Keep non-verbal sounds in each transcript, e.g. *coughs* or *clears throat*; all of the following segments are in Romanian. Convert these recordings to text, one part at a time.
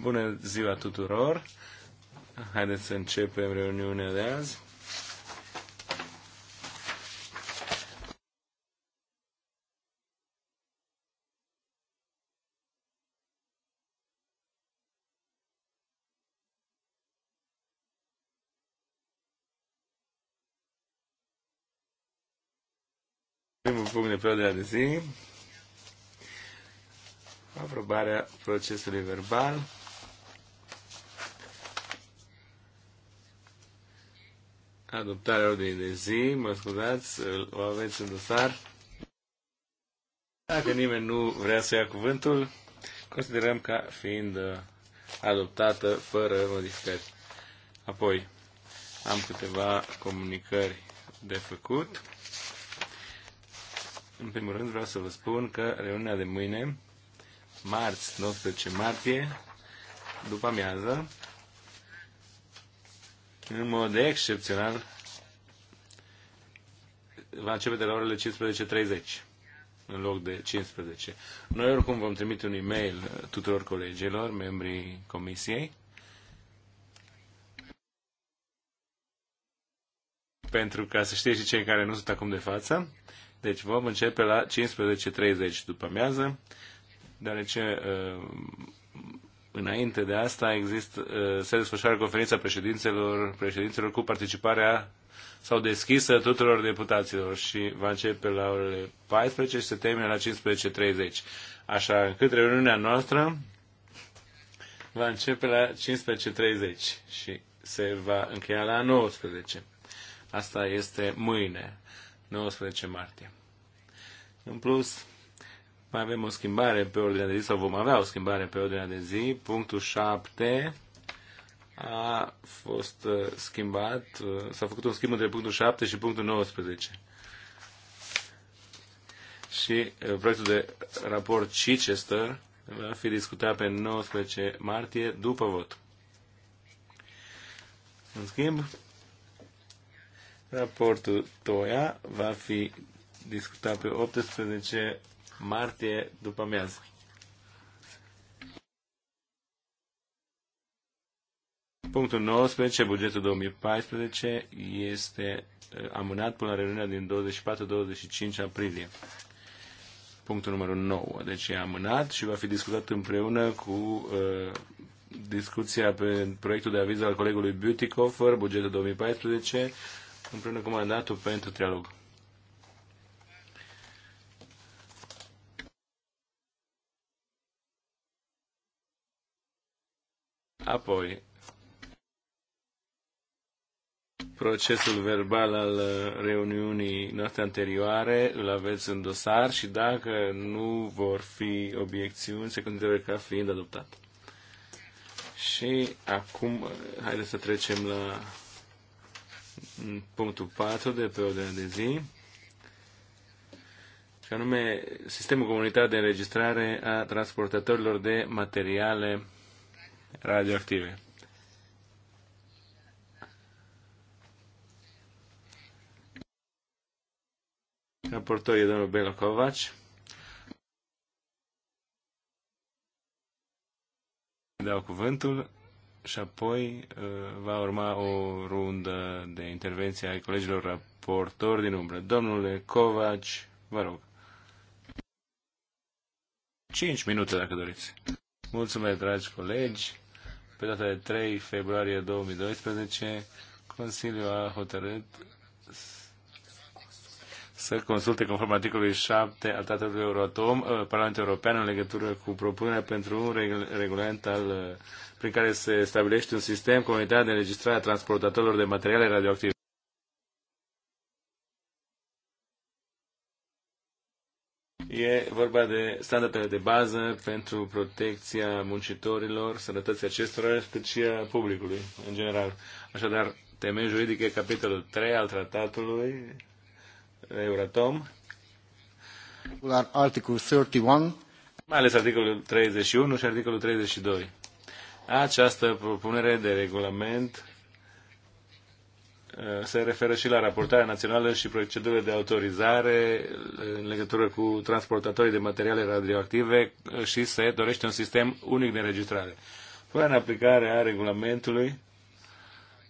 Bună ziua tuturor. Haideți să începem reuniunea de azi. primul punct de pe ordinea de zi aprobarea procesului verbal. Adoptarea ordinii de zi, mă scuzați, o aveți în dosar. Dacă nimeni nu vrea să ia cuvântul, considerăm ca fiind uh, adoptată fără modificări. Apoi, am câteva comunicări de făcut. În primul rând vreau să vă spun că reuniunea de mâine marți, 19 martie, după amiază, în mod excepțional, va începe de la orele 15.30 în loc de 15. Noi oricum vom trimite un e-mail tuturor colegilor, membrii comisiei, pentru ca să știe și cei care nu sunt acum de față. Deci vom începe la 15.30 după amiază deoarece uh, înainte de asta există, uh, se desfășoară conferința președințelor, președințelor cu participarea sau deschisă tuturor deputaților și va începe la orele 14 și se termine la 15.30. Așa încât reuniunea noastră va începe la 15.30 și se va încheia la 19. Asta este mâine, 19 martie. În plus, mai avem o schimbare pe ordinea de zi, sau vom avea o schimbare pe ordinea de zi. Punctul 7 a fost uh, schimbat, uh, s-a făcut un schimb între punctul 7 și punctul 19. Și uh, proiectul de raport Chichester va fi discutat pe 19 martie după vot. În schimb, raportul TOIA va fi discutat pe 18 martie după miez. Punctul 19, bugetul 2014, este uh, amânat până la reuniunea din 24-25 aprilie. Punctul numărul 9. Deci e amânat și va fi discutat împreună cu uh, discuția pe proiectul de aviz al colegului Coffer, bugetul 2014, împreună cu mandatul pentru trialog. Apoi, procesul verbal al reuniunii noastre anterioare îl aveți în dosar și dacă nu vor fi obiecțiuni, se consideră ca fiind adoptat. Și acum, haideți să trecem la punctul 4 de pe ordinea de zi, și anume sistemul comunitar de înregistrare a transportatorilor de materiale radioactive. Raportor e domnul Belo Kovac. Dau cuvântul și apoi uh, va urma o rundă de intervenție ai colegilor raportori din umbră. Domnule Kovac, vă rog. 5 minute, dacă doriți. Mulțumesc, dragi colegi. Pe data de 3 februarie 2012, Consiliul a hotărât să consulte conform articolului 7 al Tratatului Euratom uh, Parlamentul European în legătură cu propunerea pentru un regulament al, uh, prin care se stabilește un sistem comunitar de înregistrare a transportatorilor de materiale radioactive. E vorba de standardele de bază pentru protecția muncitorilor, sănătății acestora, cât și a publicului, în general. Așadar, temei juridic e capitolul 3 al tratatului Euratom. Articolul 31. Mai ales articolul 31 și articolul 32. Această propunere de regulament Uh, se referă și la raportarea națională și procedurile de autorizare uh, în legătură cu transportatorii de materiale radioactive uh, și se dorește un sistem unic de înregistrare. Până în aplicare a regulamentului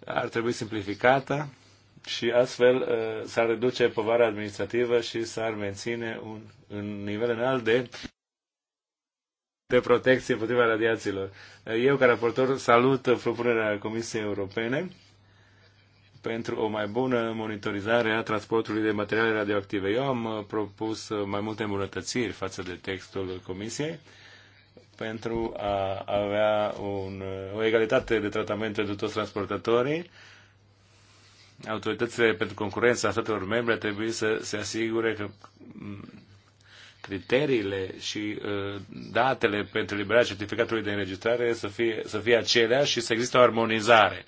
ar trebui simplificată și astfel s-ar reduce povara administrativă și s-ar menține un, un nivel înalt de de protecție împotriva radiațiilor. Eu, ca raportor, salut propunerea Comisiei Europene pentru o mai bună monitorizare a transportului de materiale radioactive. Eu am uh, propus uh, mai multe îmbunătățiri față de textul Comisiei pentru a avea un, uh, o egalitate de tratament pentru toți transportatorii. Autoritățile pentru concurența statelor membre trebuie să se asigure că mm, criteriile și datele pentru liberarea certificatului de înregistrare să fie, să fie aceleași și să există o armonizare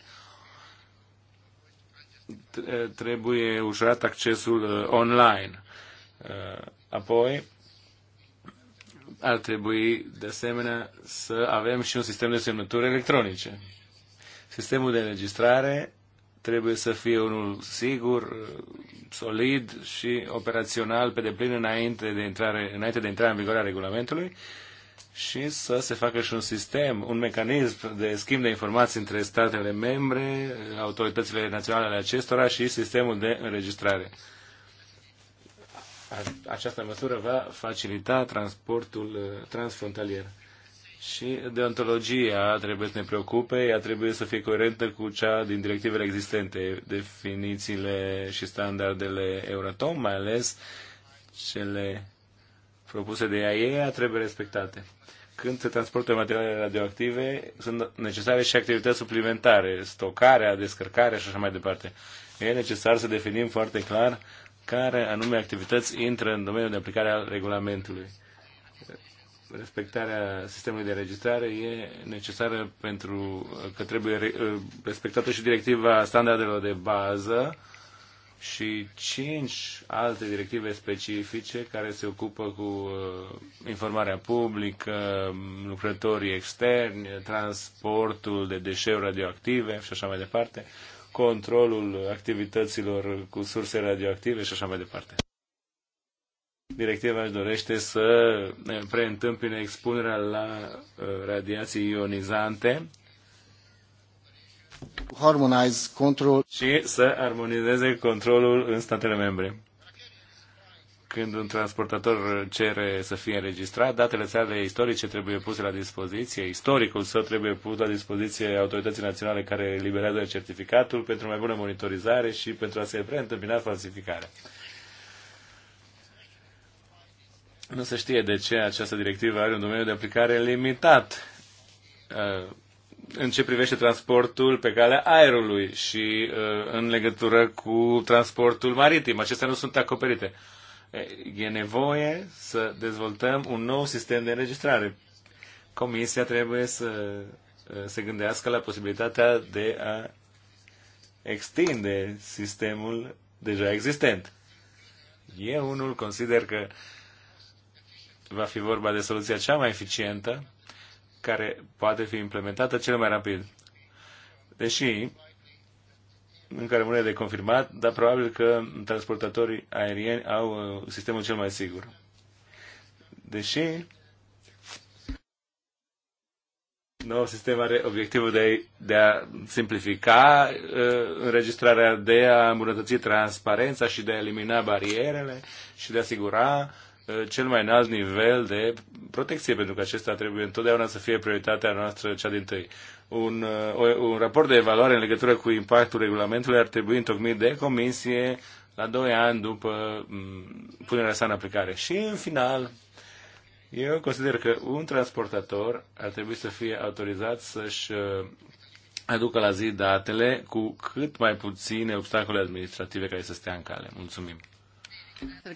trebuie ușurat accesul uh, online. Uh, apoi, ar trebui de asemenea să avem și un sistem de semnături electronice. Sistemul de înregistrare trebuie să fie unul sigur, uh, solid și operațional pe deplin înainte de intrare, înainte de intrare în vigoare a regulamentului și să se facă și un sistem, un mecanism de schimb de informații între statele membre, autoritățile naționale ale acestora și sistemul de înregistrare. Această măsură va facilita transportul uh, transfrontalier. Și deontologia trebuie să ne preocupe, ea trebuie să fie coerentă cu cea din directivele existente, definițiile și standardele Euratom, mai ales cele propuse de ea, trebuie respectate când se transportă materiale radioactive, sunt necesare și activități suplimentare, stocarea, descărcarea și așa mai departe. E necesar să definim foarte clar care anume activități intră în domeniul de aplicare al regulamentului. Respectarea sistemului de registrare e necesară pentru că trebuie respectată și directiva standardelor de bază și cinci alte directive specifice care se ocupă cu uh, informarea publică, lucrătorii externi, transportul de deșeuri radioactive și așa mai departe, controlul activităților cu surse radioactive și așa mai departe. Directiva își dorește să preîntâmpine expunerea la uh, radiații ionizante Harmonize control. Și să armonizeze controlul în statele membre. Când un transportator cere să fie înregistrat, datele sale istorice trebuie puse la dispoziție, istoricul său trebuie pus la dispoziție autorității naționale care eliberează certificatul pentru mai bună monitorizare și pentru a se preîntâmpina falsificarea. Nu se știe de ce această directivă are un domeniu de aplicare limitat uh, în ce privește transportul pe calea aerului și uh, în legătură cu transportul maritim. Acestea nu sunt acoperite. E nevoie să dezvoltăm un nou sistem de înregistrare. Comisia trebuie să uh, se gândească la posibilitatea de a extinde sistemul deja existent. Eu unul consider că va fi vorba de soluția cea mai eficientă care poate fi implementată cel mai rapid. Deși încă rămâne de confirmat, dar probabil că transportatorii aerieni au uh, sistemul cel mai sigur. Deși nou sistem are obiectivul de, de a simplifica uh, înregistrarea, de a îmbunătăți transparența și de a elimina barierele și de a asigura Uh, cel mai înalt nivel de protecție, pentru că acesta trebuie întotdeauna să fie prioritatea noastră cea din tăi. Un, uh, un raport de evaluare în legătură cu impactul regulamentului ar trebui întocmit de comisie la 2 ani după mm, punerea sa în aplicare. Și în final, eu consider că un transportator ar trebui să fie autorizat să-și uh, aducă la zi datele cu cât mai puține obstacole administrative care să stea în cale. Mulțumim!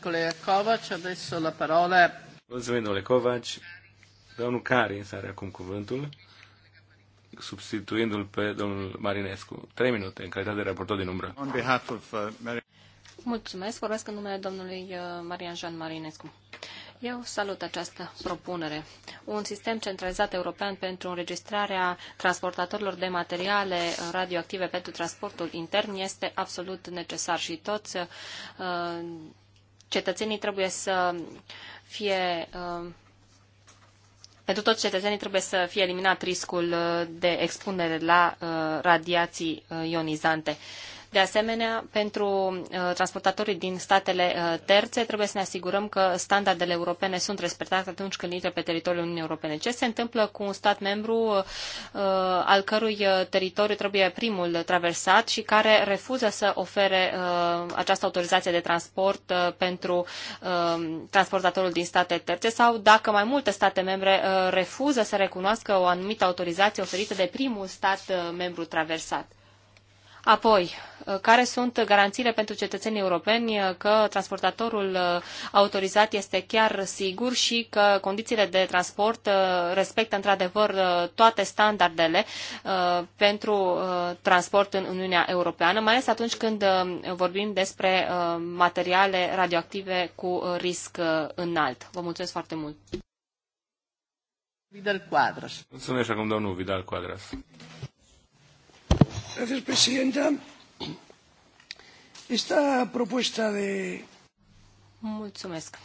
Colega Kovac, adesso la parola. Mulțumim, domnule Kovac. Domnul Cari însă are acum cuvântul, substituindu-l pe domnul Marinescu. Trei minute, în calitate de raportor din umbră. On behalf of, uh, Mulțumesc, vorbesc în numele domnului uh, Marian Jean Marinescu. Eu salut această propunere. Un sistem centralizat european pentru înregistrarea transportatorilor de materiale uh, radioactive pentru transportul intern este absolut necesar și toți uh, cetățenii trebuie să fie uh, pentru toți cetățenii trebuie să fie eliminat riscul uh, de expunere la uh, radiații ionizante. De asemenea, pentru uh, transportatorii din statele uh, terțe trebuie să ne asigurăm că standardele europene sunt respectate atunci când intră pe teritoriul Uniunii Europene. Ce se întâmplă cu un stat membru uh, al cărui teritoriu trebuie primul traversat și care refuză să ofere această autorizație de transport pentru transportatorul din state terțe sau dacă mai multe state membre refuză să recunoască o anumită autorizație oferită de primul stat membru traversat. Apoi, uh, care sunt garanțiile pentru cetățenii europeni uh, că transportatorul uh, autorizat este chiar sigur și că condițiile de transport respectă într-adevăr toate standardele pentru transport în Uniunea Europeană, mai ales atunci când vorbim despre materiale radioactive cu risc înalt. Vă mulțumesc foarte mult! Vidal Quadras. Mulțumesc acum domnul Vidal Quadras señora presidenta esta propuesta de. Mulțumesc.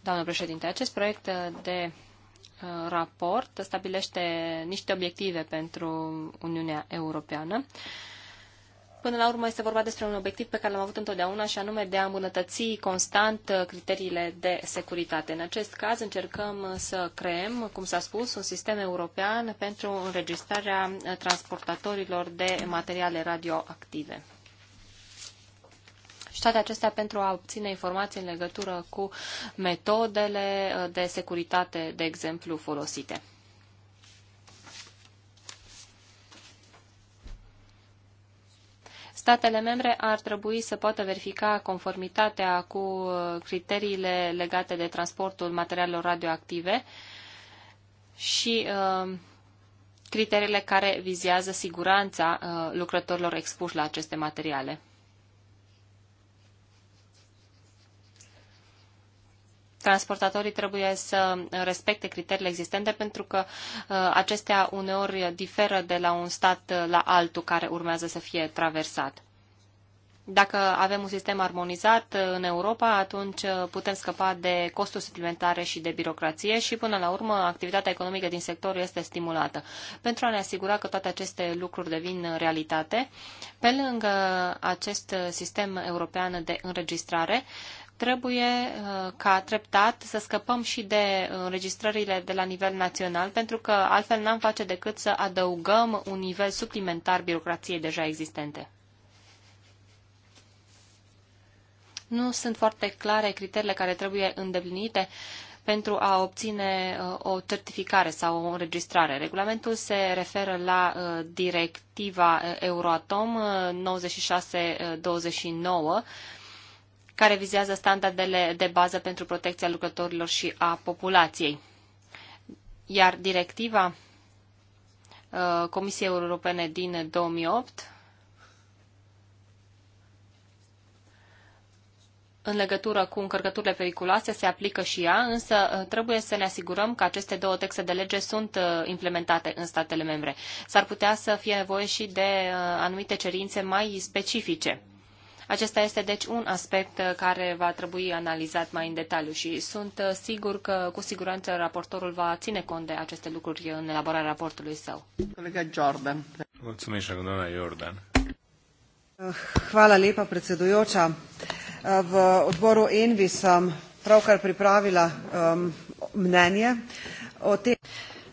Doamnă președinte, acest proiect de uh, raport stabilește niște obiective pentru Uniunea Europeană Până la urmă este vorba despre un obiectiv pe care l-am avut întotdeauna și anume de a îmbunătăți constant uh, criteriile de securitate. În acest caz încercăm să creăm, cum s-a spus, un sistem european pentru înregistrarea uh, transportatorilor de materiale radioactive și toate acestea pentru a obține informații în legătură cu metodele uh, de securitate, de exemplu, folosite. Statele membre ar trebui să poată verifica conformitatea cu criteriile legate de transportul materialelor radioactive și uh, criteriile care vizează siguranța uh, lucrătorilor expuși la aceste materiale. transportatorii trebuie să respecte criteriile existente pentru că uh, acestea uneori diferă de la un stat la altul care urmează să fie traversat. Dacă avem un sistem armonizat uh, în Europa, atunci uh, putem scăpa de costuri suplimentare și de birocrație și, până la urmă, activitatea economică din sector este stimulată. Pentru a ne asigura că toate aceste lucruri devin realitate, pe lângă acest sistem european de înregistrare, Trebuie uh, ca treptat să scăpăm și de înregistrările de la nivel național, pentru că altfel n-am face decât să adăugăm un nivel suplimentar birocrației deja existente. Nu sunt foarte clare criteriile care trebuie îndeplinite pentru a obține uh, o certificare sau o înregistrare. Regulamentul se referă la uh, directiva Euroatom 9629 care vizează standardele de bază pentru protecția lucrătorilor și a populației. Iar directiva uh, Comisiei Europene din 2008 în legătură cu încărcăturile periculoase se aplică și ea, însă uh, trebuie să ne asigurăm că aceste două texte de lege sunt uh, implementate în statele membre. S-ar putea să fie nevoie și de anumite cerințe mai specifice. Acesta este deci un aspect uh, care va trebui analizat mai în detaliu și sunt uh, sigur că cu siguranță raportorul va ține cont de aceste lucruri în elaborarea raportului său. Colega Jordan. Mulțumesc, doamna Jordan. Uh, hvala lepa, predsedujoča. V odboru Envi sem pravkar pripravila um, mnenje o tem.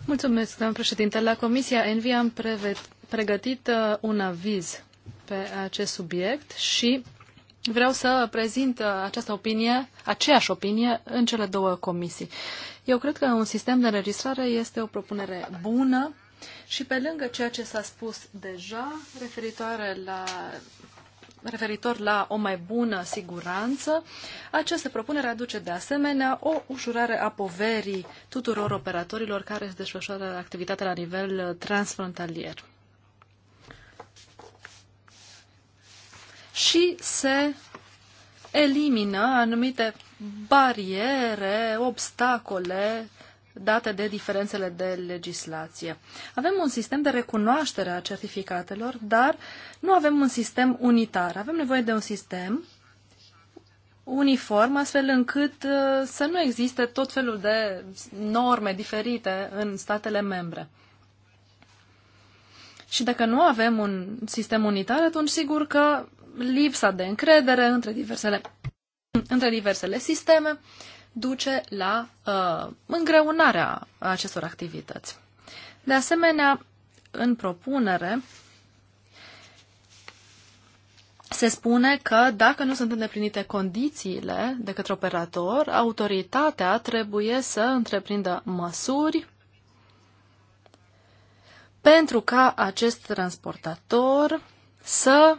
Mulțumesc, doamna președinte. La Comisia Envi am pregătit un aviz pe acest subiect și vreau să prezint această opinie, aceeași opinie, în cele două comisii. Eu cred că un sistem de înregistrare este o propunere bună și pe lângă ceea ce s-a spus deja referitoare la referitor la o mai bună siguranță, această propunere aduce de asemenea o ușurare a poverii tuturor operatorilor care își desfășoară activitatea la nivel transfrontalier. și se elimină anumite bariere, obstacole date de diferențele de legislație. Avem un sistem de recunoaștere a certificatelor, dar nu avem un sistem unitar. Avem nevoie de un sistem uniform, astfel încât uh, să nu existe tot felul de norme diferite în statele membre. Și dacă nu avem un sistem unitar, atunci sigur că lipsa de încredere între diversele, între diversele sisteme duce la uh, îngreunarea acestor activități. De asemenea, în propunere se spune că dacă nu sunt îndeplinite condițiile de către operator, autoritatea trebuie să întreprindă măsuri pentru ca acest transportator să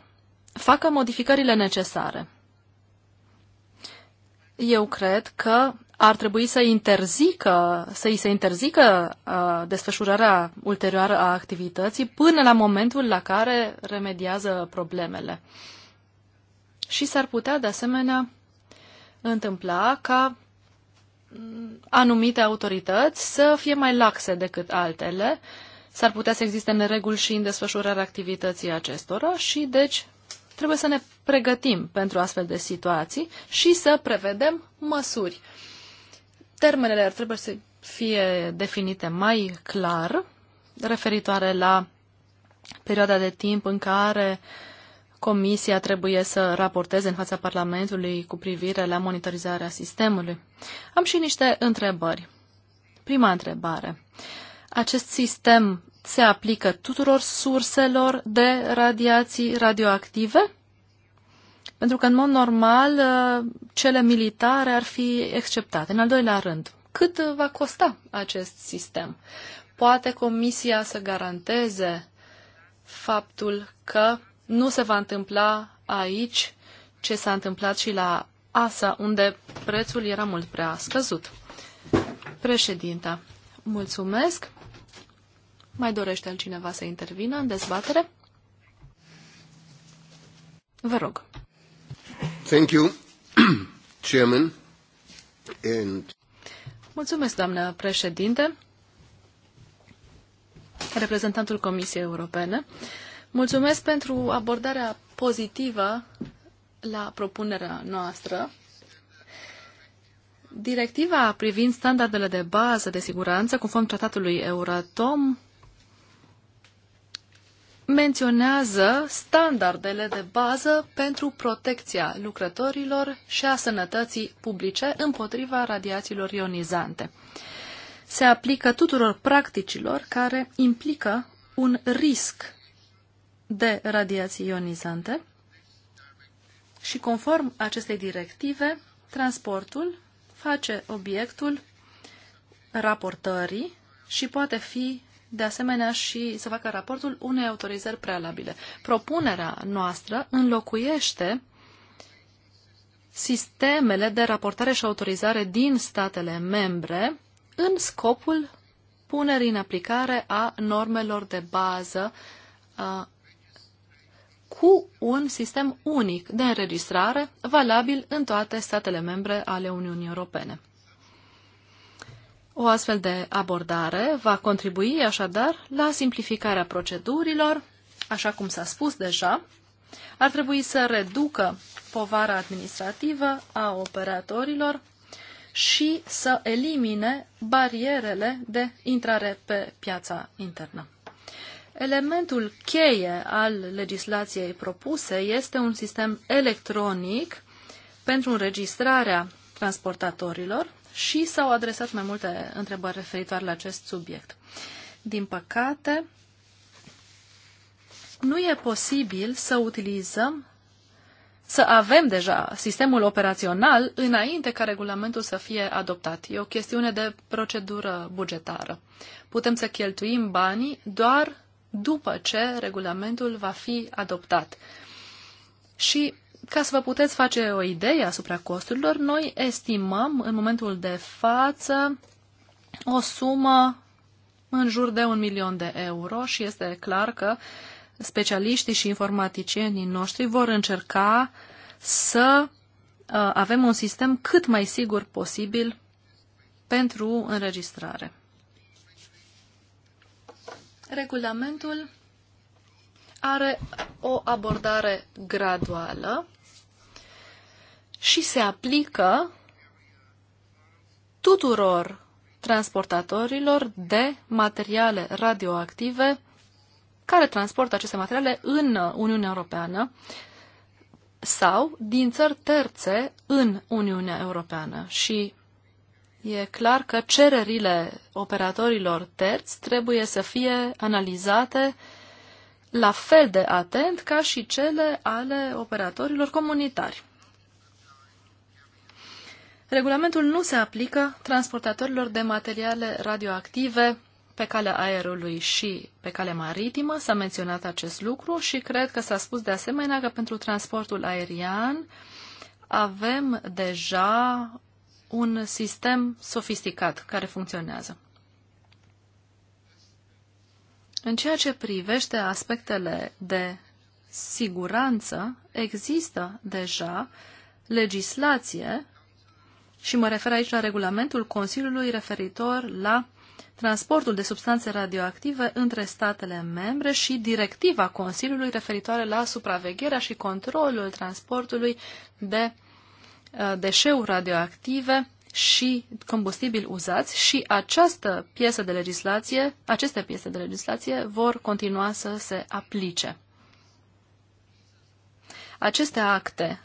facă modificările necesare. Eu cred că ar trebui să interzică, să îi se interzică uh, desfășurarea ulterioară a activității până la momentul la care remediază problemele. Și s-ar putea, de asemenea, întâmpla ca anumite autorități să fie mai laxe decât altele, s-ar putea să existe nereguli și în desfășurarea activității acestora și, deci, Trebuie să ne pregătim pentru astfel de situații și să prevedem măsuri. Termenele ar trebui să fie definite mai clar referitoare la perioada de timp în care Comisia trebuie să raporteze în fața Parlamentului cu privire la monitorizarea sistemului. Am și niște întrebări. Prima întrebare. Acest sistem se aplică tuturor surselor de radiații radioactive? Pentru că, în mod normal, uh, cele militare ar fi exceptate. În al doilea rând, cât va costa acest sistem? Poate Comisia să garanteze faptul că nu se va întâmpla aici ce s-a întâmplat și la ASA, unde prețul era mult prea scăzut. Președinta, mulțumesc. Mai dorește altcineva să intervină în dezbatere? Vă rog. Thank you, *clears throat* Chairman. And... Mulțumesc, doamnă președinte, reprezentantul Comisiei Europene. Mulțumesc pentru abordarea pozitivă la propunerea noastră. Directiva privind standardele de bază de siguranță, conform tratatului Euratom, menționează standardele de bază pentru protecția lucrătorilor și a sănătății publice împotriva radiațiilor ionizante. Se aplică tuturor practicilor care implică un risc de radiații ionizante și conform acestei directive, transportul face obiectul raportării și poate fi de asemenea și să facă raportul unei autorizări prealabile. Propunerea noastră înlocuiește sistemele de raportare și autorizare din statele membre în scopul punerii în aplicare a normelor de bază a, cu un sistem unic de înregistrare valabil în toate statele membre ale Uniunii Europene. O astfel de abordare va contribui așadar la simplificarea procedurilor, așa cum s-a spus deja, ar trebui să reducă povara administrativă a operatorilor și să elimine barierele de intrare pe piața internă. Elementul cheie al legislației propuse este un sistem electronic pentru înregistrarea transportatorilor, și s-au adresat mai multe întrebări referitoare la acest subiect. Din păcate, nu e posibil să utilizăm, să avem deja sistemul operațional înainte ca regulamentul să fie adoptat. E o chestiune de procedură bugetară. Putem să cheltuim banii doar după ce regulamentul va fi adoptat. Și ca să vă puteți face o idee asupra costurilor, noi estimăm în momentul de față o sumă în jur de un milion de euro și este clar că specialiștii și informaticienii noștri vor încerca să uh, avem un sistem cât mai sigur posibil pentru înregistrare. Regulamentul are o abordare graduală și se aplică tuturor transportatorilor de materiale radioactive care transportă aceste materiale în Uniunea Europeană sau din țări terțe în Uniunea Europeană. Și e clar că cererile operatorilor terți trebuie să fie analizate la fel de atent ca și cele ale operatorilor comunitari. Regulamentul nu se aplică transportatorilor de materiale radioactive pe calea aerului și pe calea maritimă. S-a menționat acest lucru și cred că s-a spus de asemenea că pentru transportul aerian avem deja un sistem sofisticat care funcționează. În ceea ce privește aspectele de siguranță, există deja legislație și mă refer aici la regulamentul Consiliului referitor la transportul de substanțe radioactive între statele membre și directiva Consiliului referitoare la supravegherea și controlul transportului de uh, deșeuri radioactive și combustibili uzați și această piesă de legislație, aceste piese de legislație vor continua să se aplice. Aceste acte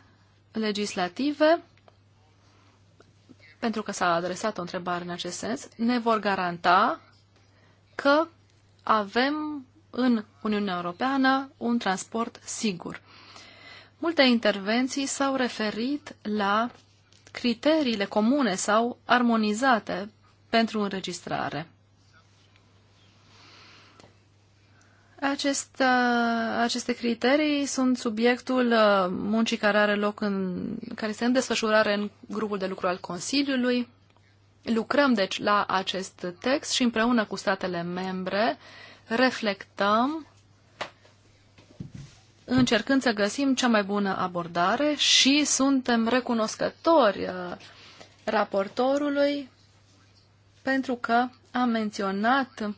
legislative pentru că s-a adresat o întrebare în acest sens, ne vor garanta că avem în Uniunea Europeană un transport sigur. Multe intervenții s-au referit la criteriile comune sau armonizate pentru înregistrare. Acest, uh, aceste criterii sunt subiectul uh, muncii care are loc în, care este în desfășurare în grupul de lucru al Consiliului. Lucrăm, deci, la acest text și împreună cu statele membre reflectăm încercând să găsim cea mai bună abordare și suntem recunoscători uh, raportorului pentru că a menționat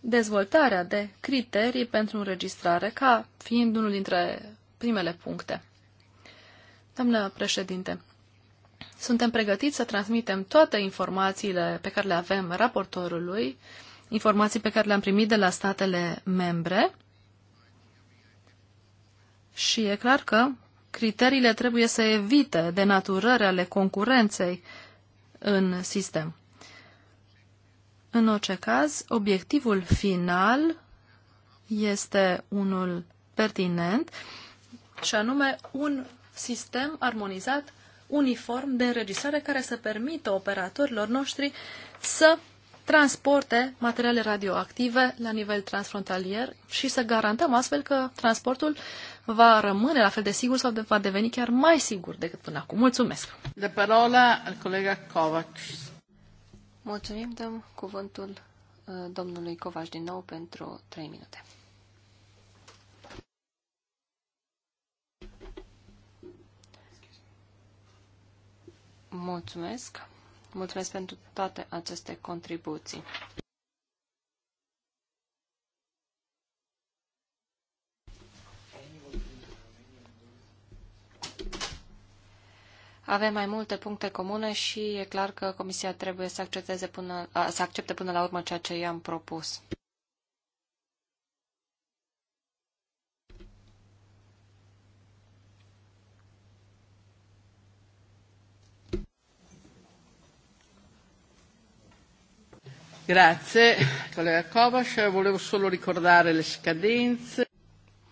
dezvoltarea de criterii pentru înregistrare, ca fiind unul dintre primele puncte. Doamnă președinte, suntem pregătiți să transmitem toate informațiile pe care le avem raportorului, informații pe care le-am primit de la statele membre și e clar că criteriile trebuie să evite denaturări ale concurenței în sistem. În orice caz, obiectivul final este unul pertinent și anume un sistem armonizat, uniform de înregistrare care să permită operatorilor noștri să transporte materiale radioactive la nivel transfrontalier și să garantăm astfel că transportul va rămâne la fel de sigur sau va deveni chiar mai sigur decât până acum. Mulțumesc! De parola al colega Kovacs. Mulțumim, dăm cuvântul uh, domnului Covaș din nou pentru 3 minute. Mulțumesc. Mulțumesc pentru toate aceste contribuții. Avem mai multe puncte comune și e clar că Comisia trebuie să, accepteze până, să accepte până la urmă ceea ce i-am propus. Grazie, collega Kovac. Volevo solo ricordare le scadenze.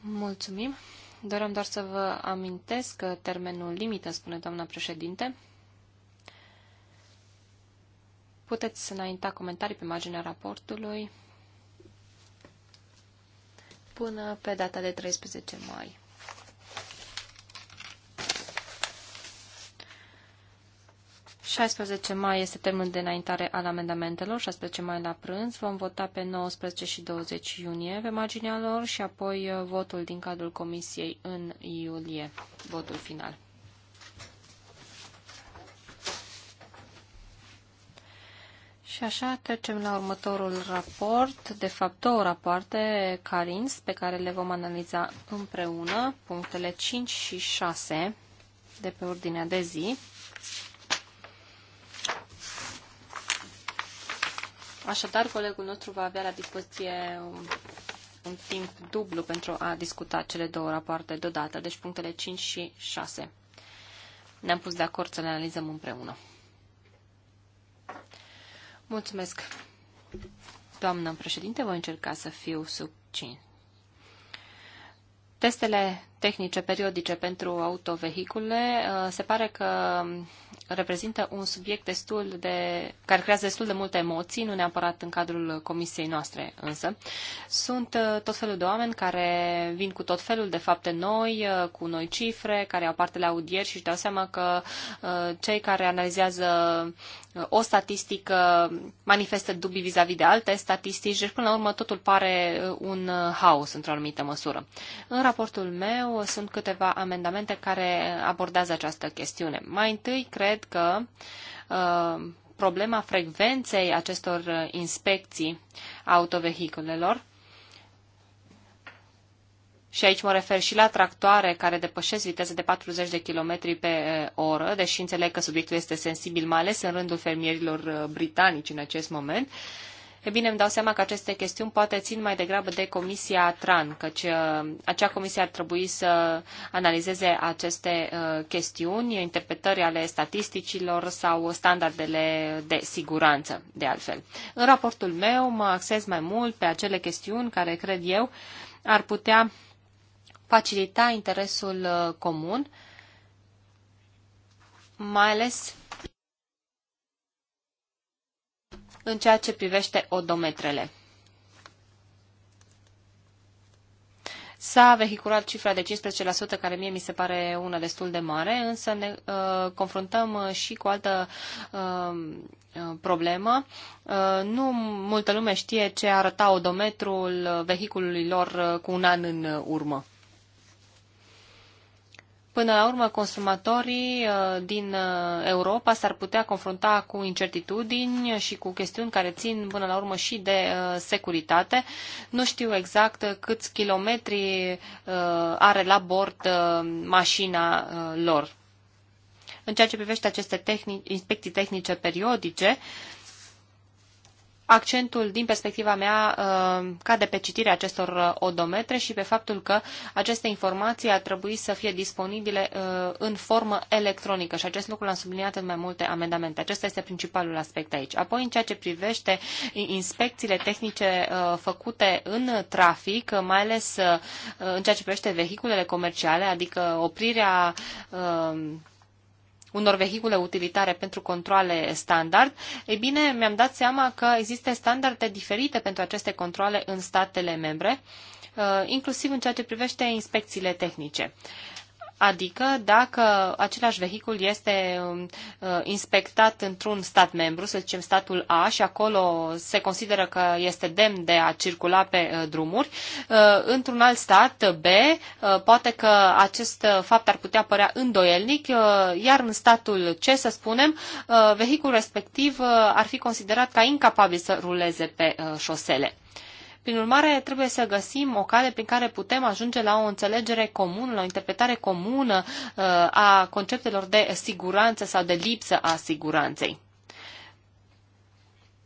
Mulțumim. Doream doar să vă amintesc că termenul limită, spune doamna președinte. Puteți să înainta comentarii pe marginea raportului până pe data de 13 mai. 16 mai este termenul de înaintare al amendamentelor, 16 mai la prânz. Vom vota pe 19 și 20 iunie pe marginea lor și apoi uh, votul din cadrul comisiei în iulie, votul final. Și așa trecem la următorul raport, de fapt două rapoarte, Carins, pe care le vom analiza împreună, punctele 5 și 6 de pe ordinea de zi. Așadar, colegul nostru va avea la dispoziție un, un timp dublu pentru a discuta cele două rapoarte deodată, deci punctele 5 și 6. Ne-am pus de acord să le analizăm împreună. Mulțumesc, doamnă președinte, voi încerca să fiu subțin. Testele tehnice periodice pentru autovehicule, uh, se pare că reprezintă un subiect destul de, care creează destul de multe emoții, nu neapărat în cadrul comisiei noastre însă. Sunt uh, tot felul de oameni care vin cu tot felul de fapte noi, uh, cu noi cifre, care au parte la audieri și își dau seama că cei care analizează o statistică manifestă dubii vis-a-vis -vis de alte statistici, deci până la urmă totul pare un haos într-o anumită măsură. În raportul meu meu sunt câteva amendamente care abordează această chestiune. Mai întâi, cred că uh, problema frecvenței acestor inspecții autovehiculelor și aici mă refer și la tractoare care depășesc viteze de 40 de km pe uh, oră, deși înțeleg că subiectul este sensibil, mai ales în rândul fermierilor uh, britanici în acest moment. Uh, E bine, îmi dau seama că aceste chestiuni poate țin mai degrabă de Comisia TRAN, căci uh, acea comisie ar trebui să analizeze aceste uh, chestiuni, interpretări ale statisticilor sau standardele de siguranță, de altfel. În raportul meu mă axez mai mult pe acele chestiuni care, cred eu, ar putea facilita interesul uh, comun, mai ales în ceea ce privește odometrele. S-a vehiculat cifra de 15%, care mie mi se pare una destul de mare, însă ne uh, confruntăm uh, și cu altă uh, uh, problemă. Uh, nu multă lume știe ce arăta odometrul uh, vehiculului lor cu un an în urmă. Până la urmă, consumatorii uh, din uh, Europa s-ar putea confrunta cu incertitudini și cu chestiuni care țin până la urmă și de uh, securitate. Nu știu exact câți kilometri are la bord mașina lor. În ceea ce privește aceste tehnici, inspecții tehnice periodice, uh, accentul din perspectiva mea uh, cade pe citirea acestor uh, odometre și pe faptul că aceste informații ar trebui să fie disponibile uh, în formă electronică și acest lucru l-am subliniat în mai multe amendamente. Acesta este principalul aspect aici. Apoi, în ceea ce privește inspecțiile tehnice făcute în trafic, mai ales în ceea ce privește vehiculele comerciale, adică oprirea unor vehicule utilitare pentru controle standard, e bine, mi-am dat seama că există standarde diferite pentru aceste controle în statele membre, uh, inclusiv în ceea ce privește inspecțiile tehnice. Adică dacă același vehicul este um, uh, inspectat într-un stat membru, să zicem statul A, și acolo se consideră că este demn de a circula pe uh, drumuri, uh, într-un alt stat B, poate că acest fapt ar putea părea îndoielnic, iar în statul C, să spunem, vehicul respectiv ar fi considerat ca incapabil să ruleze pe șosele. Prin urmare, trebuie să găsim o cale prin care putem ajunge la o înțelegere comună, la o interpretare comună uh, a conceptelor de siguranță sau de lipsă a siguranței.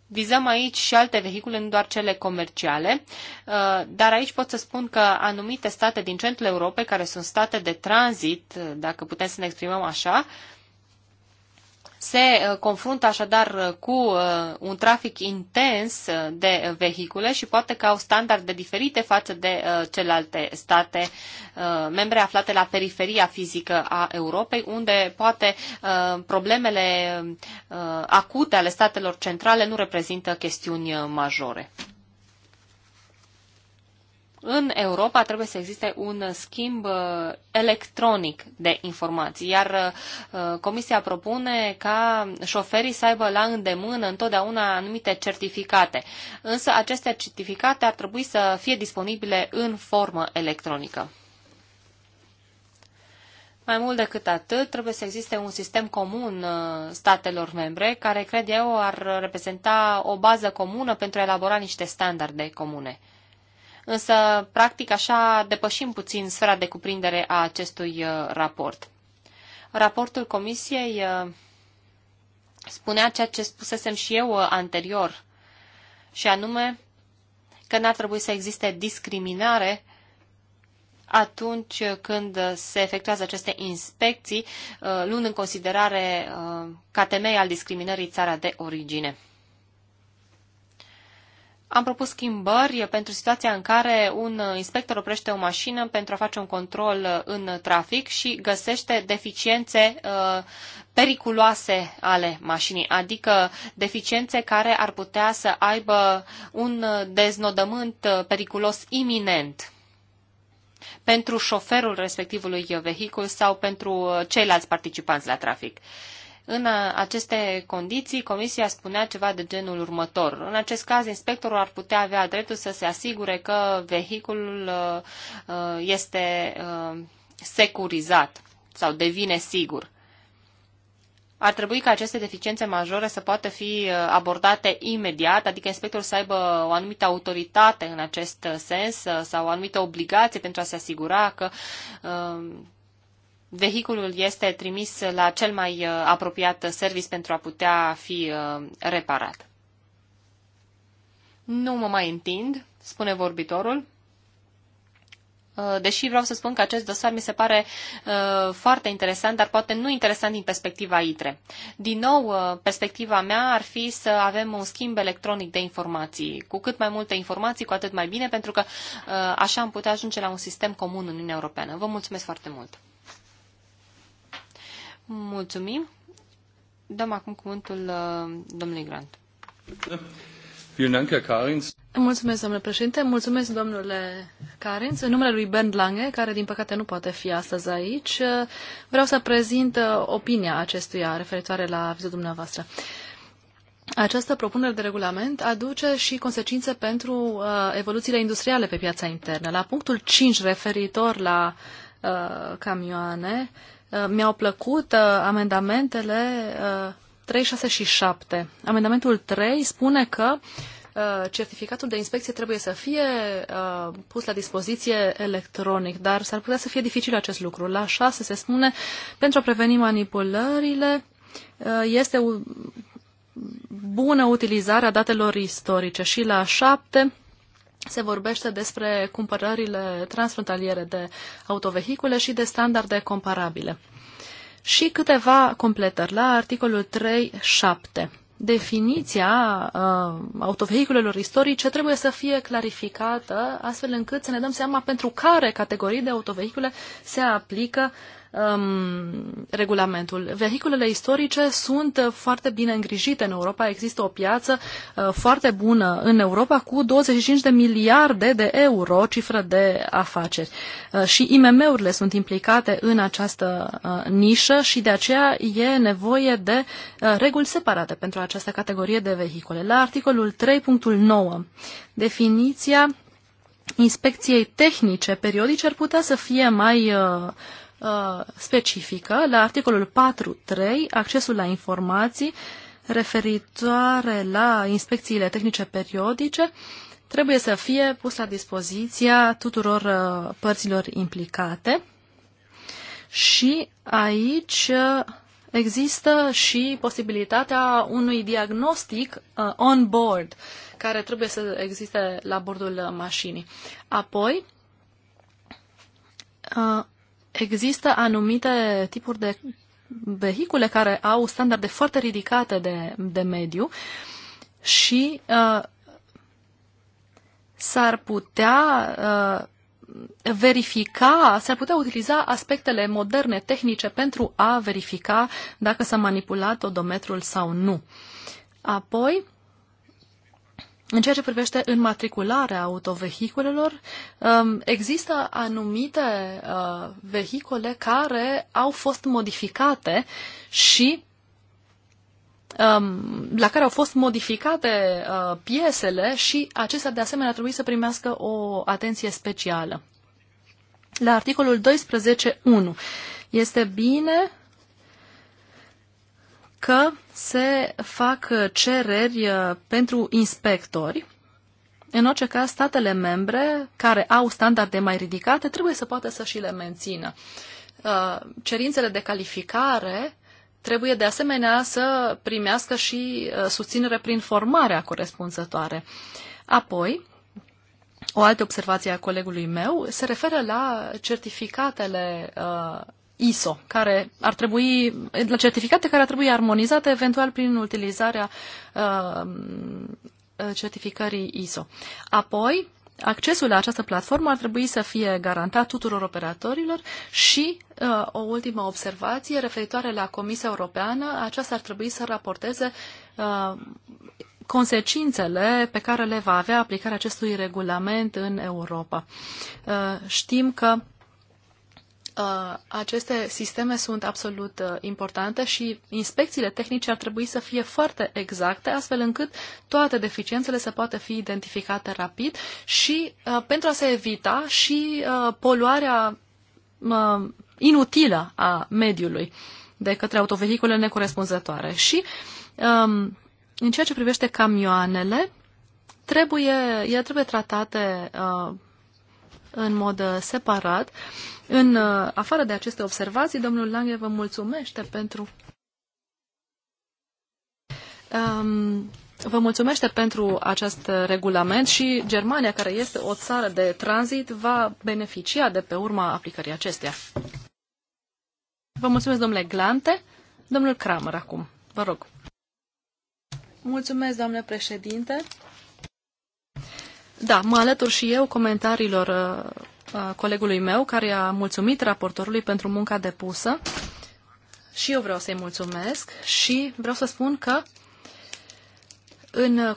Vizăm aici și alte vehicule, nu doar cele comerciale, uh, dar aici pot să spun că anumite state din centrul Europei, care sunt state de tranzit, uh, dacă putem să ne exprimăm așa, se uh, confruntă așadar uh, cu uh, un trafic intens de vehicule și poate că au standarde diferite față de celelalte state membre aflate la periferia fizică a Europei, unde poate problemele acute ale statelor centrale nu reprezintă chestiuni majore în Europa trebuie să existe un schimb uh, electronic de informații, iar uh, Comisia propune ca șoferii să aibă la îndemână întotdeauna anumite certificate, însă aceste certificate ar trebui să fie disponibile în formă electronică. Mai mult decât atât, trebuie să existe un sistem comun uh, statelor membre, care, cred eu, ar reprezenta o bază comună pentru a elabora niște standarde comune însă, practic, așa depășim puțin sfera de cuprindere a acestui uh, raport. Raportul Comisiei uh, spunea ceea ce spusesem și eu uh, anterior, și anume că n-ar trebui să existe discriminare atunci când se efectuează aceste inspecții, luând în considerare ca temei al discriminării țara de origine. Am propus schimbări pentru situația în care un inspector oprește o mașină pentru a face un control în trafic și găsește deficiențe uh, periculoase ale mașinii, adică deficiențe care ar putea să aibă un deznodământ periculos iminent pentru șoferul respectivului vehicul sau pentru ceilalți participanți la trafic. Uh, în uh, aceste condiții, comisia spunea ceva de genul următor. În acest caz, inspectorul ar putea avea dreptul să se asigure că vehiculul uh, uh, este securizat sau devine sigur. Ar trebui ca aceste deficiențe majore să poată fi abordate imediat, adică inspectorul să aibă o anumită autoritate în acest sens sau o anumită obligație pentru a se asigura că vehiculul este trimis la cel mai uh, apropiat service pentru a putea fi uh, reparat. Nu mă mai întind, spune vorbitorul. Uh, deși vreau să spun că acest dosar mi se pare uh, foarte interesant, dar poate nu interesant din perspectiva ITRE. Din nou, uh, perspectiva mea ar fi să avem un schimb electronic de informații. Cu cât mai multe informații, cu atât mai bine, pentru că uh, așa am putea ajunge la un sistem comun în Uniunea Europeană. Vă mulțumesc foarte mult! Mulțumim. Dăm acum cuvântul uh, domnului Grant. Mulțumesc, domnule președinte. Mulțumesc, domnule Carinț. În numele lui Bernd Lange, care din păcate nu poate fi astăzi aici, uh, vreau să prezint uh, opinia acestuia referitoare la vizul dumneavoastră. Această propunere de regulament aduce și consecințe pentru uh, evoluțiile industriale pe piața internă. La punctul 5 referitor la uh, camioane, uh, Uh, mi-au plăcut uh, amendamentele 3, uh, 6 și 7. Amendamentul 3 spune că certificatul de inspecție trebuie să fie uh, pus la dispoziție electronic, dar s-ar putea să fie dificil acest lucru. La 6 se spune, pentru a preveni manipulările, uh, este bună utilizarea datelor istorice și la 7 se vorbește despre cumpărările transfrontaliere de autovehicule și de standarde comparabile. Și câteva completări la articolul 3.7. Definiția uh, autovehiculelor istorice trebuie să fie clarificată astfel încât să ne dăm seama pentru care categorii de autovehicule se aplică uh, um, regulamentul. Vehiculele istorice sunt foarte bine îngrijite în Europa. Există o piață uh, foarte bună în Europa cu 25 de miliarde de euro cifră de afaceri. Uh, și IMM-urile sunt implicate în această uh, nișă și de aceea e nevoie de uh, reguli separate pentru această categorie de vehicule. La articolul 3.9, definiția inspecției tehnice periodice ar putea să fie mai uh, Uh, specifică, la articolul 4.3, accesul la informații referitoare la inspecțiile tehnice periodice, trebuie să fie pus la dispoziția tuturor uh, părților implicate. Și aici uh, există și posibilitatea unui diagnostic on board care trebuie să existe la bordul mașinii. Apoi, există anumite tipuri de vehicule care au standarde foarte ridicate de, de mediu și uh, s-ar putea uh, verifica, s-ar putea utiliza aspectele moderne, tehnice, pentru a verifica dacă s-a manipulat odometrul sau nu. Apoi, în ceea ce privește înmatricularea autovehiculelor, um, există anumite uh, vehicule care au fost modificate și um, la care au fost modificate uh, piesele și acestea de asemenea trebuie să primească o atenție specială. La articolul 12.1 este bine că se fac uh, cereri uh, pentru inspectori. În orice caz, statele membre care au standarde mai ridicate trebuie să poată să și le mențină. Uh, cerințele de calificare trebuie de asemenea să primească și susținere prin formarea corespunzătoare. Apoi, o altă observație a colegului meu se referă la certificatele ISO, care ar trebui, la certificate care ar trebui armonizate eventual prin utilizarea uh, certificării ISO. Apoi, accesul la această platformă ar trebui să fie garantat tuturor operatorilor și uh, o ultimă observație referitoare la Comisia Europeană, aceasta ar trebui să raporteze uh, consecințele pe care le va avea aplicarea acestui regulament în Europa. Uh, știm că Uh, aceste sisteme sunt absolut uh, importante și inspecțiile tehnice ar trebui să fie foarte exacte, astfel încât toate deficiențele să poată fi identificate rapid și uh, pentru a se evita și poluarea inutilă a mediului de către autovehicule necorespunzătoare. Și um, în ceea ce privește camioanele, trebuie, ele trebuie tratate uh, în mod uh, separat. În uh, afară de aceste observații, domnul Lange vă mulțumește pentru um, Vă mulțumește pentru acest regulament și Germania, care este o țară de tranzit, va beneficia de pe urma aplicării acesteia. Vă mulțumesc, domnule Glante. Domnul Kramer, acum. Vă rog. Mulțumesc, doamne președinte. Da, mă alătur și eu comentariilor uh, colegului meu care a mulțumit raportorului pentru munca depusă și eu vreau să-i mulțumesc și vreau să spun că în uh,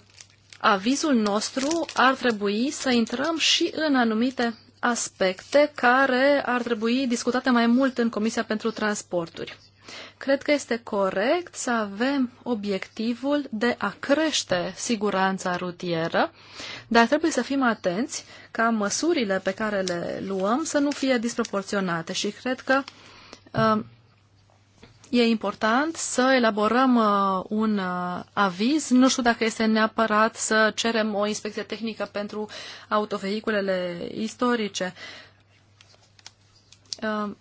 avizul nostru ar trebui să intrăm și în anumite aspecte care ar trebui discutate mai mult în Comisia pentru Transporturi. Cred că este corect să avem obiectivul de a crește siguranța rutieră, dar trebuie să fim atenți ca măsurile pe care le luăm să nu fie disproporționate și cred că uh, e important să elaborăm uh, un uh, aviz. Nu știu dacă este neapărat să cerem o inspecție tehnică pentru autovehiculele istorice. Uh,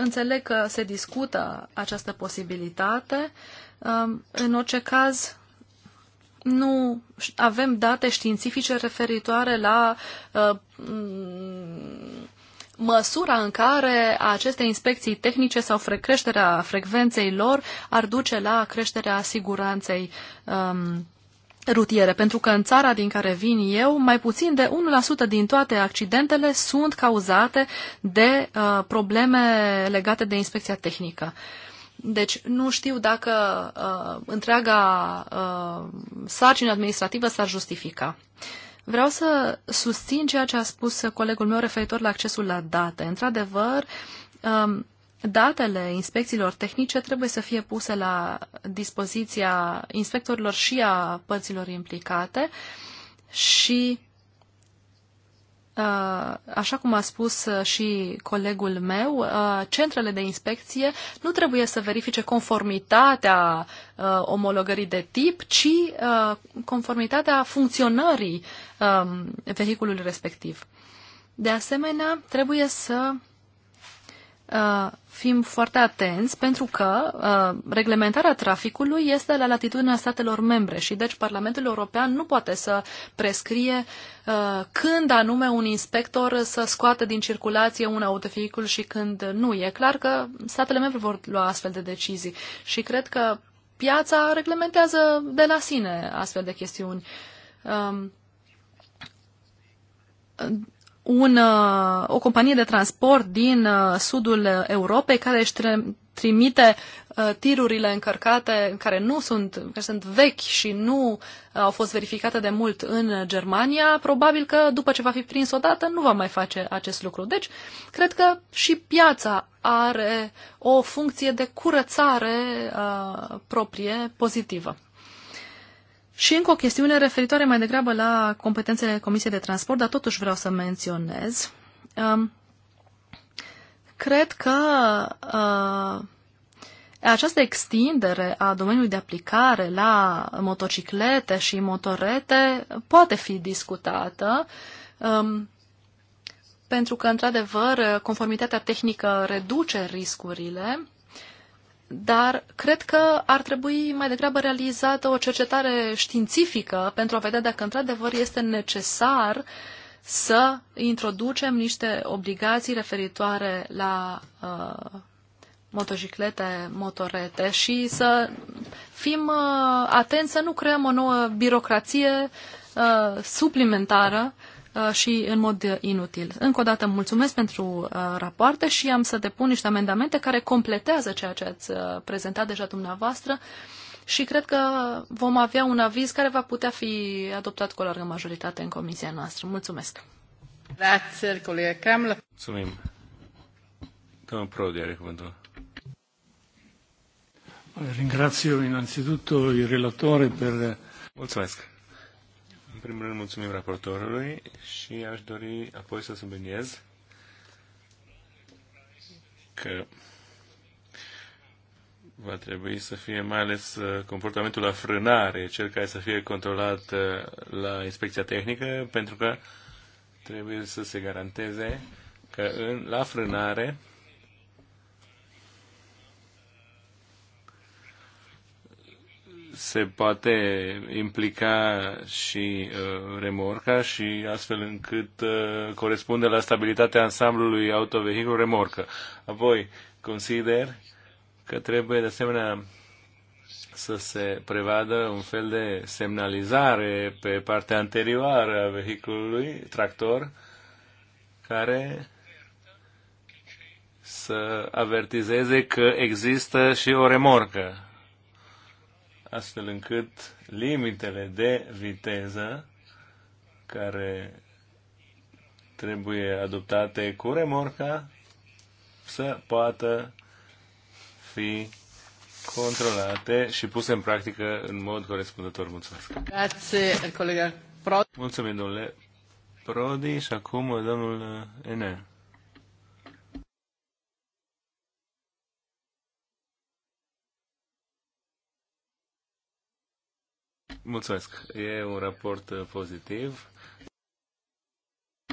Înțeleg că se discută această posibilitate. Um, în orice caz, nu avem date științifice referitoare la uh, măsura în care aceste inspecții tehnice sau creșterea frecvenței lor ar duce la creșterea siguranței um, rutiere, pentru că în țara din care vin eu, mai puțin de 1% din toate accidentele sunt cauzate de uh, probleme legate de inspecția tehnică. Deci nu știu dacă uh, întreaga uh, sarcină administrativă s-ar justifica. Vreau să susțin ceea ce a spus colegul meu referitor la accesul la date. Într-adevăr, um, datele inspecțiilor tehnice trebuie să fie puse la dispoziția inspectorilor și a părților implicate și uh, așa cum a spus uh, și colegul meu, uh, centrele de inspecție nu trebuie să verifice conformitatea omologării de tip, ci conformitatea funcționării um, vehiculului respectiv. De asemenea, trebuie să Uh, fim foarte atenți pentru că uh, reglementarea traficului este la latitudinea statelor membre și deci Parlamentul European nu poate să prescrie uh, când anume un inspector să scoată din circulație un autovehicul și când nu. E clar că statele membre vor lua astfel de decizii și cred că piața reglementează de la sine astfel de chestiuni. Um, un, uh, o companie de transport din uh, sudul Europei care își trimite uh, tirurile încărcate care nu sunt, care sunt vechi și nu au fost verificate de mult în Germania, probabil că după ce va fi prins odată nu va mai face acest lucru. Deci, cred că și piața are o funcție de curățare uh, proprie pozitivă. Și încă o chestiune referitoare mai degrabă la competențele Comisiei de Transport, dar totuși vreau să menționez. Um, cred că uh, această extindere a domeniului de aplicare la motociclete și motorete poate fi discutată, um, pentru că, într-adevăr, conformitatea tehnică reduce riscurile dar cred că ar trebui mai degrabă realizată o cercetare științifică pentru a vedea dacă într-adevăr este necesar să introducem niște obligații referitoare la uh, motociclete, motorete și să fim uh, atenți să nu creăm o nouă birocrație uh, suplimentară uh, Uh, și în mod uh, inutil. Încă o dată mulțumesc pentru uh, rapoarte și am să depun niște amendamente care completează ceea ce ați prezentat deja dumneavoastră și cred că vom avea un aviz care va putea fi adoptat cu o largă majoritate în comisia noastră. Mulțumesc! Grazie, colega Cramlă. Mulțumim. Domnul Prodi are cuvântul. Ringrazio innanzitutto il relatore per... Mulțumesc. În primul rând, mulțumim raportorului și aș dori apoi să subliniez că va trebui să fie mai ales uh, comportamentul la frânare, cel care să fie controlat uh, la inspecția tehnică, pentru că trebuie să se garanteze că în, la frânare se poate implica și uh, remorca și astfel încât uh, corespunde la stabilitatea ansamblului autovehicul remorcă. Apoi, consider că trebuie de asemenea să se prevadă un fel de semnalizare pe partea anterioară a vehiculului, tractor, care să avertizeze că există și o remorcă astfel încât limitele de viteză care trebuie adoptate cu remorca să poată fi controlate și puse în practică în mod corespunzător. Mulțumesc! Grazie, colega Prodi. Mulțumim, domnule Prodi și acum domnul Enea. Mulțumesc. E un raport uh, pozitiv,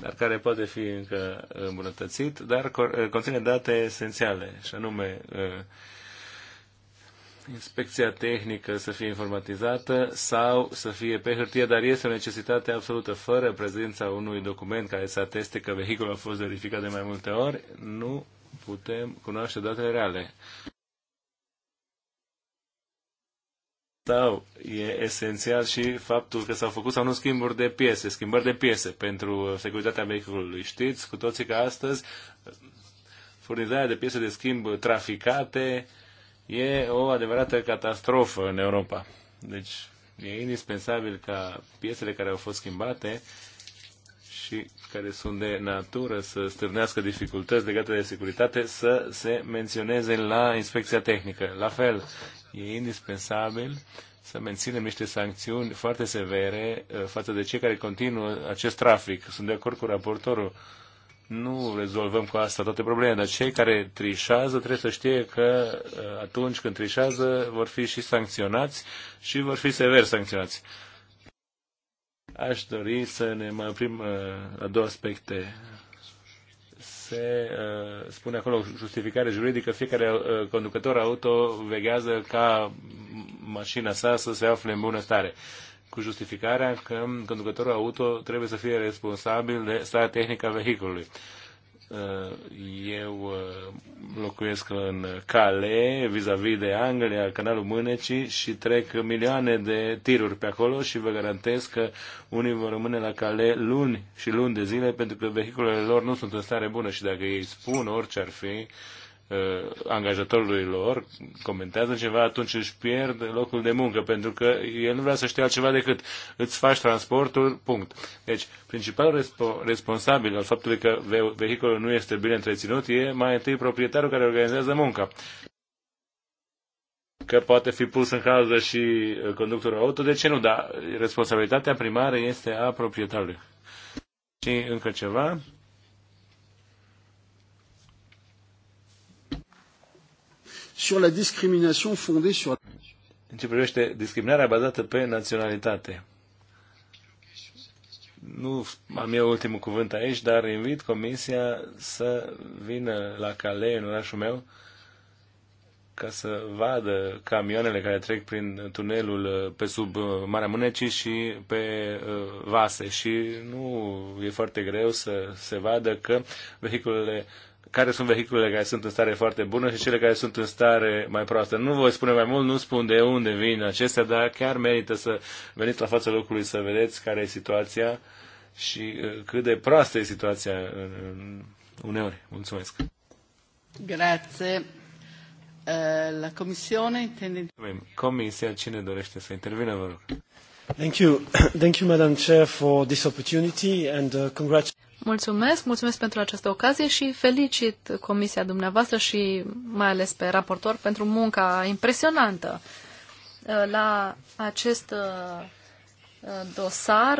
dar care poate fi încă îmbunătățit, dar uh, conține date esențiale, și anume uh, inspecția tehnică să fie informatizată sau să fie pe hârtie, dar este o necesitate absolută. Fără prezența unui document care să ateste că vehiculul a fost verificat de mai multe ori, nu putem cunoaște datele reale. sau e esențial și faptul că s-au făcut sau nu schimburi de piese, schimbări de piese pentru securitatea vehiculului. Știți cu toții că astăzi furnizarea de piese de schimb traficate e o adevărată catastrofă în Europa. Deci e indispensabil ca piesele care au fost schimbate și care sunt de natură să stârnească dificultăți legate de securitate să se menționeze la inspecția tehnică. La fel, e indispensabil să menținem niște sancțiuni foarte severe uh, față de cei care continuă acest trafic. Sunt de acord cu raportorul. Nu rezolvăm cu asta toate problemele, dar cei care trișează trebuie să știe că uh, atunci când trișează vor fi și sancționați și vor fi sever sancționați. Aș dori să ne mai oprim uh, la două aspecte se uh, spune acolo justificare juridică, fiecare uh, conducător auto veghează ca mașina sa să se afle în bună stare. Cu justificarea că conducătorul auto trebuie să fie responsabil de starea tehnică a vehiculului. Uh, Uh, eu uh, locuiesc în Cale, vis-a-vis de Anglia, canalul Mânecii și trec milioane de tiruri pe acolo și vă garantez că unii vor rămâne la Cale luni și luni de zile pentru că vehiculele lor nu sunt în stare bună și dacă ei spun orice ar fi, Uh, angajatorului lor comentează ceva, atunci își pierd locul de muncă, pentru că el nu vrea să știe altceva decât îți faci transportul, punct. Deci, principalul resp- responsabil al faptului că vehiculul nu este bine întreținut e mai întâi proprietarul care organizează munca. Că poate fi pus în cauză și uh, conductorul auto, de ce nu? Dar responsabilitatea primară este a proprietarului. Și încă ceva, sur la discrimination fondée sur... În ce privește discriminarea bazată pe naționalitate. Nu am eu ultimul cuvânt aici, dar invit Comisia să vină la cale în orașul meu, ca să vadă camioanele care trec prin tunelul uh, pe sub uh, Marea Mânecii și pe uh, vase și nu e foarte greu să se vadă că vehiculele care sunt vehiculele care sunt în stare foarte bună și cele care sunt în stare mai proastă. Nu voi spune mai mult, nu spun de unde vin acestea, dar chiar merită să veniți la fața locului să vedeți care e situația și uh, cât de proastă e situația în, în uneori. Mulțumesc! Grazie. Eh, la Comisione intende... Comisia, cine dorește să intervină, vă rog. Thank you. *coughs* Thank you, Madam Chair, for this opportunity and uh, congratulations. Mulțumesc, mulțumesc pentru această ocazie și felicit comisia dumneavoastră și mai ales pe raportor pentru munca impresionantă uh, la acest uh, uh, dosar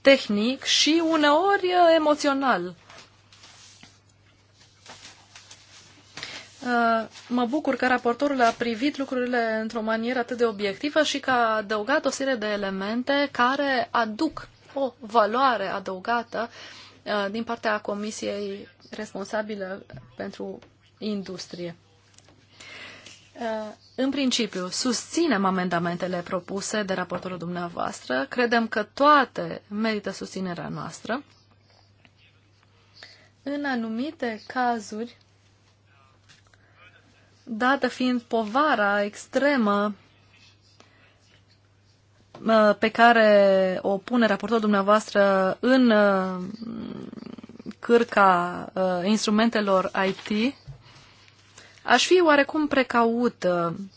tehnic și uneori emoțional. Mă bucur că raportorul a privit lucrurile într-o manieră atât de obiectivă și că a adăugat o serie de elemente care aduc o valoare adăugată uh, Uh, din partea Comisiei responsabilă pentru industrie. Uh, în principiu, susținem amendamentele propuse de raportorul dumneavoastră. Credem că toate merită susținerea noastră. În anumite cazuri, dată fiind povara extremă Uh, pe care o pune raportul dumneavoastră în uh, cârca uh, instrumentelor IT, aș fi oarecum precaut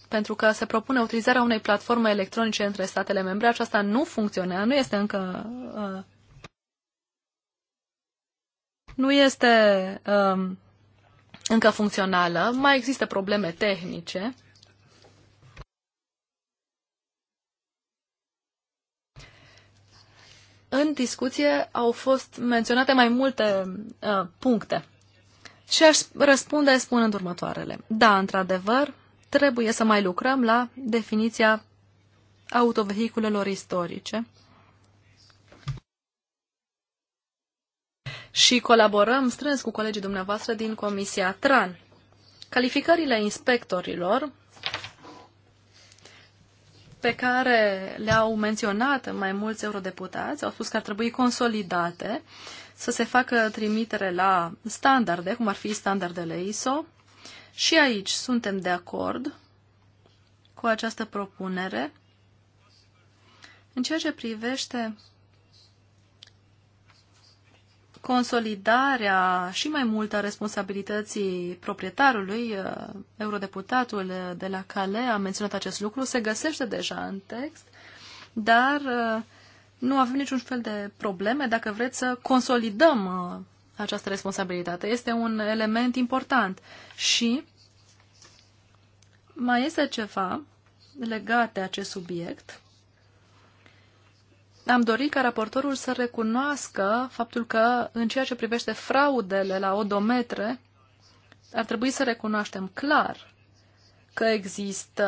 pentru că se propune utilizarea unei platforme electronice între statele membre. Aceasta nu funcționează, nu este încă nu este um, încă funcțională, mai există probleme tehnice în discuție au fost menționate mai multe uh, puncte. Și aș răspunde spunând următoarele. Da, într-adevăr, trebuie să mai lucrăm la definiția autovehiculelor istorice și colaborăm strâns cu colegii dumneavoastră din Comisia TRAN. Calificările inspectorilor pe care le-au menționat mai mulți eurodeputați, au spus că ar trebui consolidate, să se facă trimitere la standarde, cum ar fi standardele ISO. Și aici suntem de acord cu această propunere. În ceea ce privește consolidarea și mai mult a responsabilității proprietarului, uh, eurodeputatul uh, de la Cale a menționat acest lucru, se găsește deja în text, dar uh, nu avem niciun fel de probleme dacă vreți să consolidăm această responsabilitate. Este un element important și mai este ceva legat de acest subiect am dorit ca raportorul să recunoască faptul că în ceea ce privește fraudele la odometre, ar trebui să recunoaștem clar că există,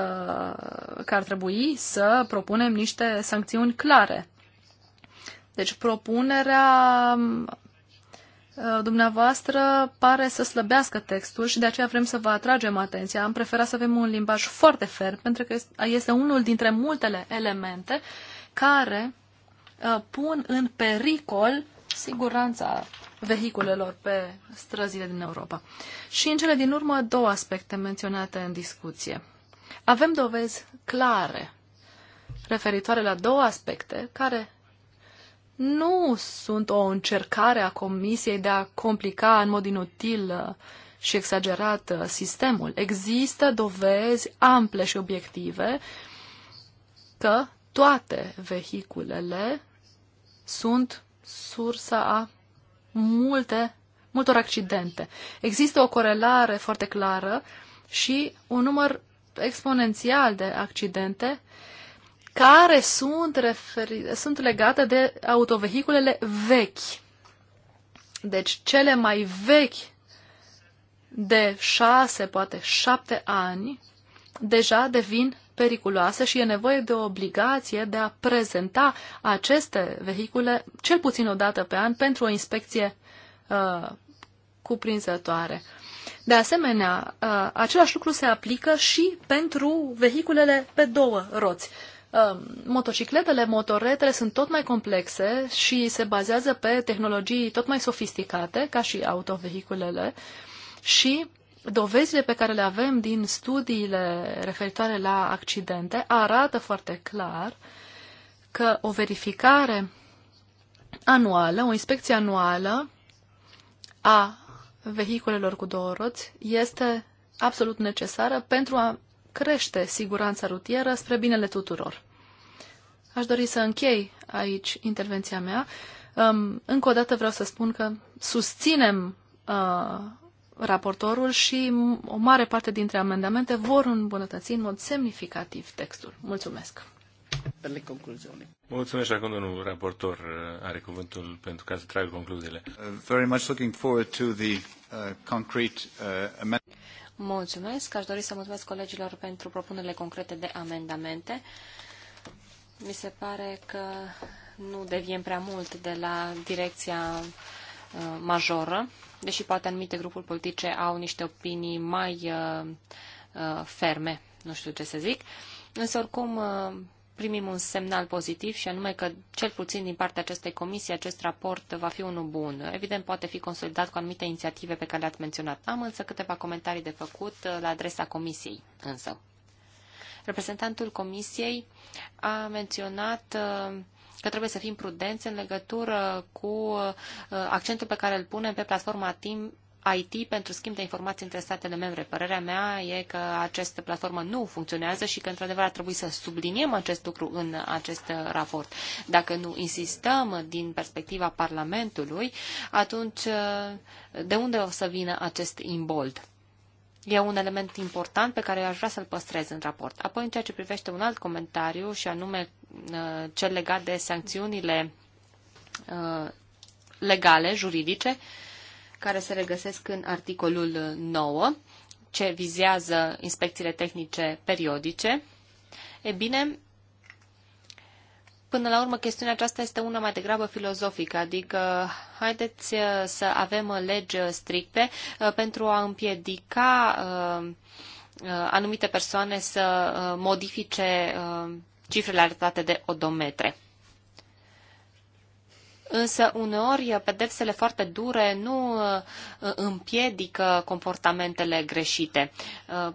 că ar trebui să propunem niște sancțiuni clare. Deci propunerea uh, dumneavoastră pare să slăbească textul și de aceea vrem să vă atragem atenția. Am preferat să avem un limbaj foarte ferm pentru că este unul dintre multele elemente care Uh, pun în pericol siguranța vehiculelor pe străzile din Europa. Și în cele din urmă, două aspecte menționate în discuție. Avem dovezi clare referitoare la două aspecte care nu sunt o încercare a Comisiei de a complica în mod inutil uh, și exagerat uh, sistemul. Există dovezi ample și obiective că toate vehiculele sunt sursa a multe, multor accidente. Există o corelare foarte clară și un număr exponențial de accidente care sunt, referi, sunt legate de autovehiculele vechi. Deci cele mai vechi de șase, poate șapte ani, deja devin periculoase și e nevoie de o obligație de a prezenta aceste vehicule cel puțin o dată pe an pentru o inspecție uh, cuprinzătoare. De asemenea, uh, același lucru se aplică și pentru vehiculele pe două roți. Uh, motocicletele, motoretele sunt tot mai complexe și se bazează pe tehnologii tot mai sofisticate, ca și autovehiculele, și dovezile pe care le avem din studiile referitoare la accidente arată foarte clar că o verificare anuală, o inspecție anuală a vehiculelor cu două roți este absolut necesară pentru a crește siguranța rutieră spre binele tuturor. Aș dori să închei aici intervenția mea. încă o dată vreau să spun că susținem uh, raportorul și o mare parte dintre amendamente vor îmbunătăți în mod semnificativ textul. Mulțumesc! Pentru concluziune. Mulțumesc acum domnul raportor uh, are cuvântul pentru ca să tragă concluziile. Uh, very much looking forward to the uh, concrete Mulțumesc. Aș dori să mulțumesc colegilor pentru propunerile concrete de amendamente. Mi se pare că nu deviem prea mult de la direcția uh, Uh, majoră, deși poate anumite grupuri politice au niște opinii mai uh, uh, ferme, nu știu ce să zic. Însă, oricum, primim un semnal pozitiv și anume că, cel puțin din partea acestei comisii, acest raport va fi unul bun. Evident, poate fi consolidat cu anumite inițiative pe care le-ați menționat. Am însă câteva comentarii de făcut la adresa comisiei, însă. Reprezentantul comisiei a menționat uh, că trebuie să fim prudenți în legătură cu uh, accentul pe care îl punem pe platforma Team IT pentru schimb de informații între statele membre. Părerea mea e că această platformă nu funcționează și că, într-adevăr, ar trebui să subliniem acest lucru în acest raport. Dacă nu insistăm din perspectiva Parlamentului, atunci uh, de unde o să vină acest imbold? E un element important pe care aș vrea să-l păstrez în raport. Apoi, în ceea ce privește un alt comentariu, și anume uh, cel legat de sancțiunile uh, legale, juridice, care se regăsesc în articolul 9, ce vizează inspecțiile tehnice periodice, e bine, Până la urmă, chestiunea aceasta este una mai degrabă filozofică, adică haideți uh, să avem uh, legi uh, stricte pentru a împiedica anumite persoane să modifice cifrele arătate de odometre. Însă, uneori, pedepsele foarte dure nu împiedică comportamentele greșite.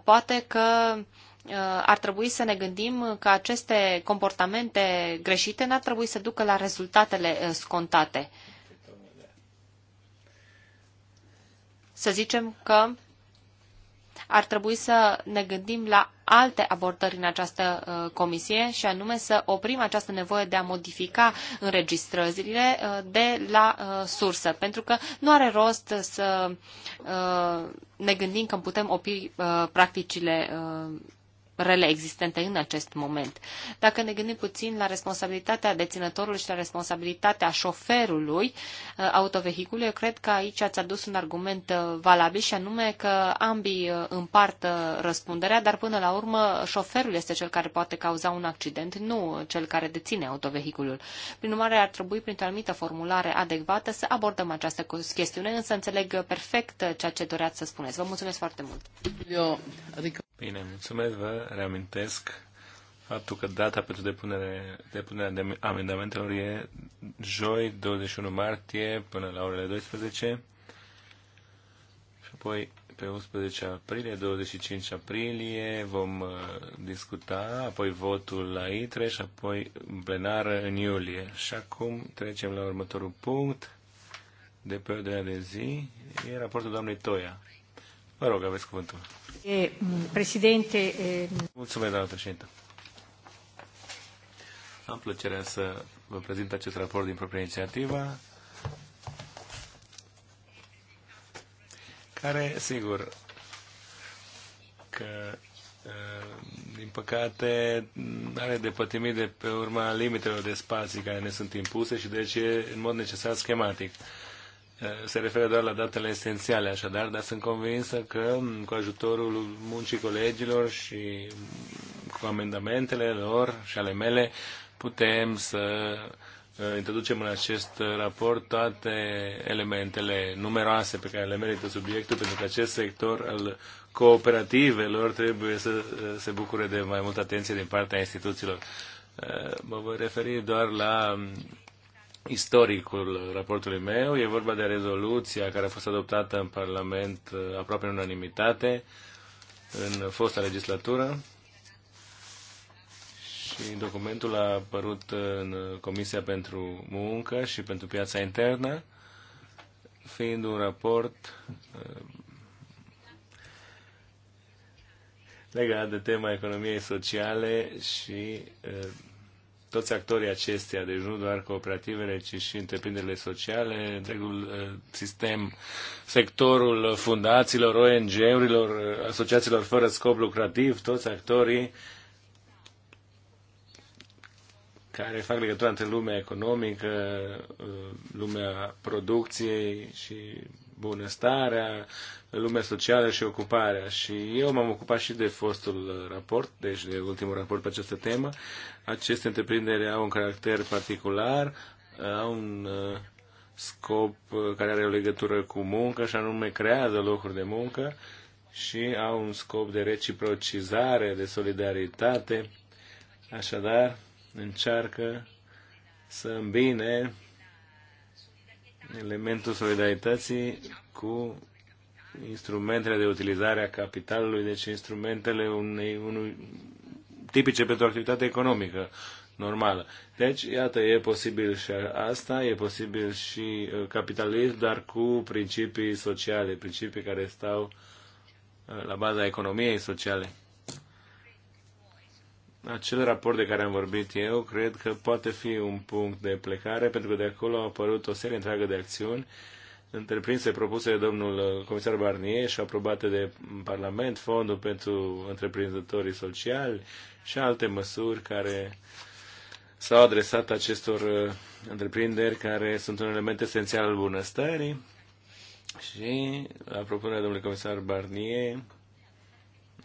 Poate că Uh, ar trebui să ne gândim că aceste comportamente greșite n-ar trebui să ducă la rezultatele uh, scontate. Să zicem că ar trebui să ne gândim la alte abordări în această uh, comisie și anume să oprim această nevoie de a modifica înregistrările de la sursă, pentru că nu are rost să ne gândim că putem opri practicile rele existente în acest moment. Dacă ne gândim puțin la responsabilitatea deținătorului și la responsabilitatea șoferului uh, autovehicului, eu cred că aici ați adus un argument uh, valabil și anume că ambii uh, împart răspunderea, dar până la urmă șoferul este cel care poate cauza un accident, nu cel care deține autovehiculul. Prin urmare, ar trebui, printr-o anumită formulare adecvată, să abordăm această chestiune, însă înțeleg perfect ceea ce doreați să spuneți. Vă mulțumesc foarte mult! Eu, adică... Bine, mulțumesc, vă reamintesc faptul că data pentru depunere, depunerea de amendamentelor e joi 21 martie până la orele 12 și apoi pe 11 aprilie, 25 aprilie vom uh, discuta, apoi votul la ITRE și apoi plenară în iulie. Și acum trecem la următorul punct de pe ordinea de zi, e raportul doamnei Toia. Vă rog, aveți cuvântul. E, mm, președinte... E... Mulțumesc, doamnă președinte. Am plăcerea să vă prezint acest raport din propria inițiativă, care, sigur, că din păcate, are de pătimit de pe urma limitelor de spații care ne sunt impuse și deci e în mod necesar schematic se referă doar la datele esențiale, așadar, dar sunt convinsă că cu ajutorul muncii colegilor și cu amendamentele lor și ale mele putem să uh, introducem în acest raport toate elementele numeroase pe care le merită subiectul, pentru că acest sector al cooperativelor trebuie să uh, se bucure de mai multă atenție din partea instituțiilor. Uh, mă voi referi doar la istoricul raportului meu. E vorba de rezoluția care a fost adoptată în Parlament uh, aproape în unanimitate în fosta legislatură și documentul a apărut în Comisia pentru Muncă și pentru Piața Internă, fiind un raport uh, legat de tema economiei sociale și uh, toți actorii acestea, deci nu doar cooperativele, ci și întreprinderile sociale, întregul uh, sistem, sectorul fundațiilor, ONG-urilor, uh, asociațiilor fără scop lucrativ, toți actorii care fac legătura între lumea economică, uh, lumea producției și bunăstarea, lumea socială și ocuparea. Și eu m-am ocupat și de fostul raport, deci de ultimul raport pe această temă aceste întreprinderi au un caracter particular, au un uh, scop uh, care are o legătură cu muncă, și anume creează locuri de muncă și au un scop de reciprocizare, de solidaritate. Așadar, încearcă să îmbine elementul solidarității cu instrumentele de utilizare a capitalului, deci instrumentele unei, unui, tipice pentru activitate economică normală. Deci, iată, e posibil și asta, e posibil și uh, capitalism, dar cu principii sociale, principii care stau uh, la baza economiei sociale. Acel raport de care am vorbit eu, cred că poate fi un punct de plecare, pentru că de acolo au apărut o serie întreagă de acțiuni uh, întreprinse propuse de domnul uh, comisar Barnier și aprobate de Parlament, fondul pentru întreprinzătorii sociali și alte măsuri care s-au adresat acestor uh, întreprinderi care sunt un element esențial al bunăstării. Și, la propunerea domnului comisar Barnier,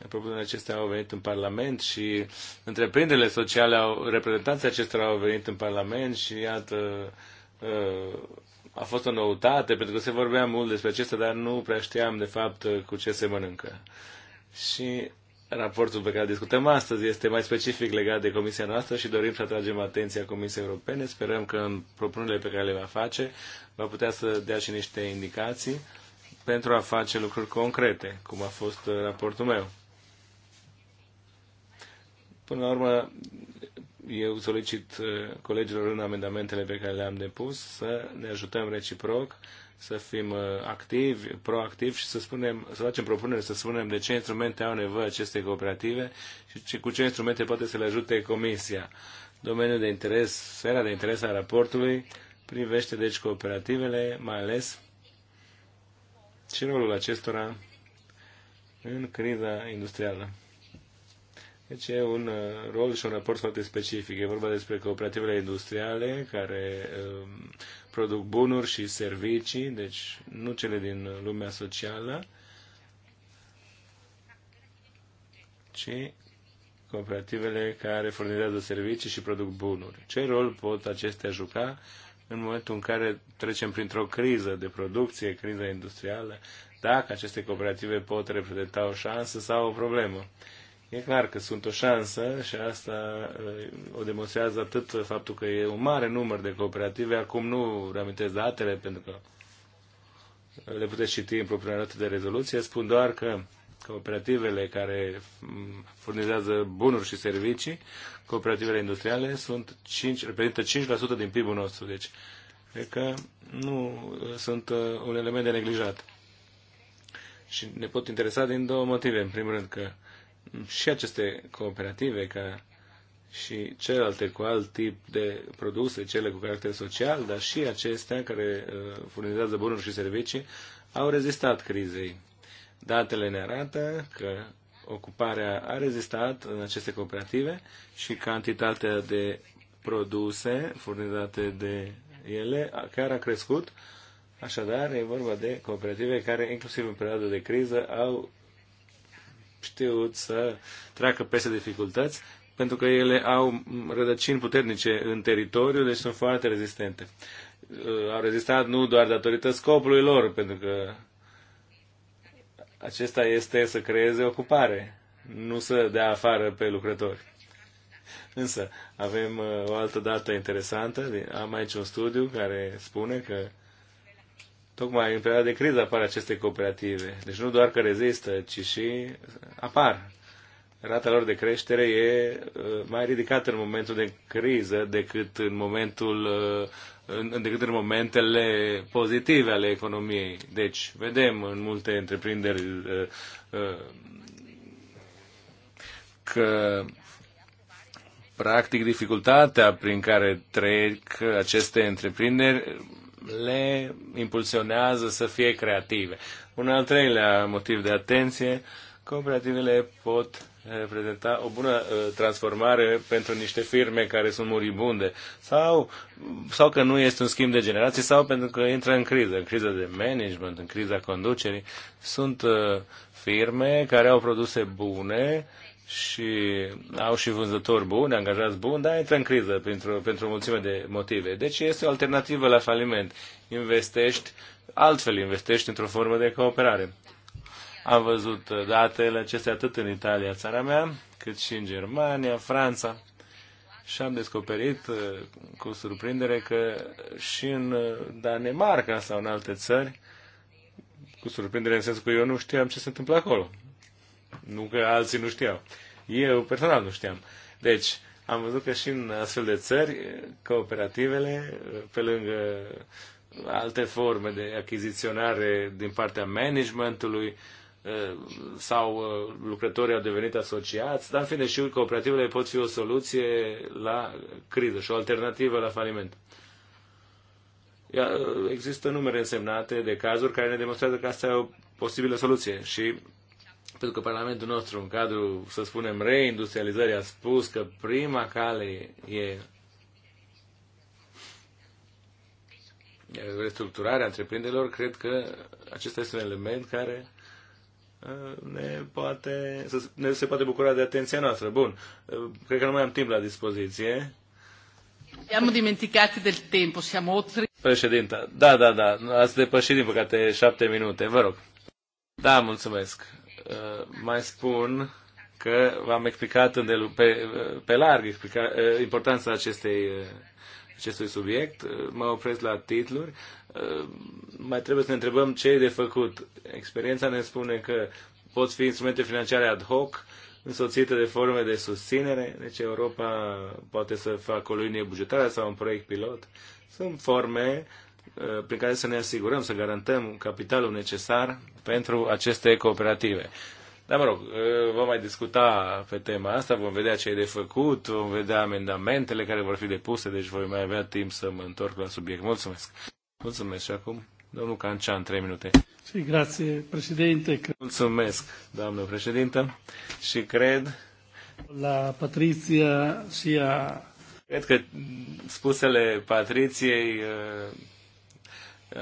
propunerile acestea au venit în Parlament și întreprinderile sociale, au, reprezentanții acestora au venit în Parlament și iată uh, a fost o noutate, pentru că se vorbea mult despre acesta, dar nu prea știam, de fapt, cu ce se mănâncă. Și raportul pe care discutăm astăzi este mai specific legat de Comisia noastră și dorim să atragem atenția Comisiei Europene. Sperăm că în propunerile pe care le va face va putea să dea și niște indicații pentru a face lucruri concrete, cum a fost uh, raportul meu. Până la urmă, eu solicit uh, colegilor în amendamentele pe care le-am depus să ne ajutăm reciproc, să fim uh, activi, proactivi și să, spunem, să facem propuneri, să spunem de ce instrumente au nevoie aceste cooperative și cu ce instrumente poate să le ajute Comisia. Domeniul de interes, sfera de interes a raportului privește deci cooperativele, mai ales și rolul acestora în criza industrială. Deci e un uh, rol și un raport foarte specific. E vorba despre cooperativele industriale care um, produc bunuri și servicii, deci nu cele din lumea socială, ci cooperativele care furnizează servicii și produc bunuri. Ce rol pot acestea juca în momentul în care trecem printr-o criză de producție, criză industrială, dacă aceste cooperative pot reprezenta o șansă sau o problemă? E clar că sunt o șansă și asta uh, o demonstrează atât faptul că e un mare număr de cooperative. Acum nu reamintesc datele pentru că le puteți citi în propria notă de rezoluție. Spun doar că cooperativele care mm, furnizează bunuri și servicii, cooperativele industriale, sunt 5, reprezintă 5% din PIB-ul nostru. Deci, cred că nu uh, sunt uh, un element de neglijat. Și ne pot interesa din două motive. În primul rând că uh, și aceste cooperative ca și celelalte cu alt tip de produse, cele cu caracter social, dar și acestea care uh, furnizează bunuri și servicii, au rezistat crizei. Datele ne arată că ocuparea a rezistat în aceste cooperative și cantitatea de produse furnizate de ele chiar a crescut. Așadar, e vorba de cooperative care, inclusiv în perioada de criză, au știut să treacă peste dificultăți, pentru că ele au rădăcini puternice în teritoriu, deci sunt foarte rezistente. Uh, au rezistat nu doar datorită scopului lor, pentru că acesta este să creeze ocupare, nu să dea afară pe lucrători. Însă, avem uh, o altă dată interesantă, am aici un studiu care spune că tocmai în perioada de criză apar aceste cooperative. Deci nu doar că rezistă, ci și apar. Rata lor de creștere e uh, mai ridicată în momentul de criză decât în momentul uh, în, decât în momentele pozitive ale economiei. Deci, vedem în multe întreprinderi uh, că practic dificultatea prin care trec aceste întreprinderi le impulsionează să fie creative. Un al treilea motiv de atenție, cooperativele pot reprezenta o bună uh, transformare pentru niște firme care sunt muribunde sau, sau că nu este un schimb de generații sau pentru că intră în criză, în criză de management, în criza conducerii. Sunt uh, firme care au produse bune, și au și vânzători buni, angajați buni, dar intră în criză pentru, pentru o mulțime de motive. Deci este o alternativă la faliment. Investești altfel, investești într-o formă de cooperare. Am văzut uh, datele acestea atât în Italia, țara mea, cât și în Germania, Franța. Și am descoperit uh, cu surprindere că și în uh, Danemarca sau în alte țări, cu surprindere în sensul că eu nu știam ce se întâmplă acolo. Nu că alții nu știau. Eu personal nu știam. Deci, am văzut că și în astfel de țări, cooperativele, pe lângă alte forme de achiziționare din partea managementului, eh, sau eh, lucrătorii au devenit asociați, dar în fine și cooperativele pot fi o soluție la criză și o alternativă la faliment. Eh, există numere însemnate de cazuri care ne demonstrează că asta e o posibilă soluție și pentru că Parlamentul nostru, în cadrul, să spunem, reindustrializării, a spus că prima cale e restructurarea întreprinderilor, cred că acesta este un element care uh, ne poate, ne se poate bucura de atenția noastră. Bun, uh, cred că nu mai am timp la dispoziție. Am dimenticat del timp, suntem oltre. Președinta, da, da, da, ați depășit din păcate șapte minute, vă rog. Da, mulțumesc. Uh, mai spun că v-am explicat pe, pe larg explica, uh, importanța acestei, uh, acestui subiect. Mă opresc la titluri. Mai trebuie să ne întrebăm ce e de făcut. Experiența ne spune că pot fi instrumente financiare ad hoc, însoțite de forme de susținere, deci Europa poate să facă o linie bugetară sau un proiect pilot. Sunt forme Eh, prin care să ne asigurăm, să garantăm capitalul necesar pentru aceste cooperative. Dar, mă rog, eh, vom mai discuta pe tema asta, vom vedea ce e de făcut, vom vedea amendamentele care vor fi depuse, deci voi mai avea timp să mă întorc la subiect. Mulțumesc! Mulțumesc și acum, domnul Cancean, trei minute. Și grație, președinte. Mulțumesc, doamnă președintă, și cred... La Patriția și a... Cred că spusele Patriției eh,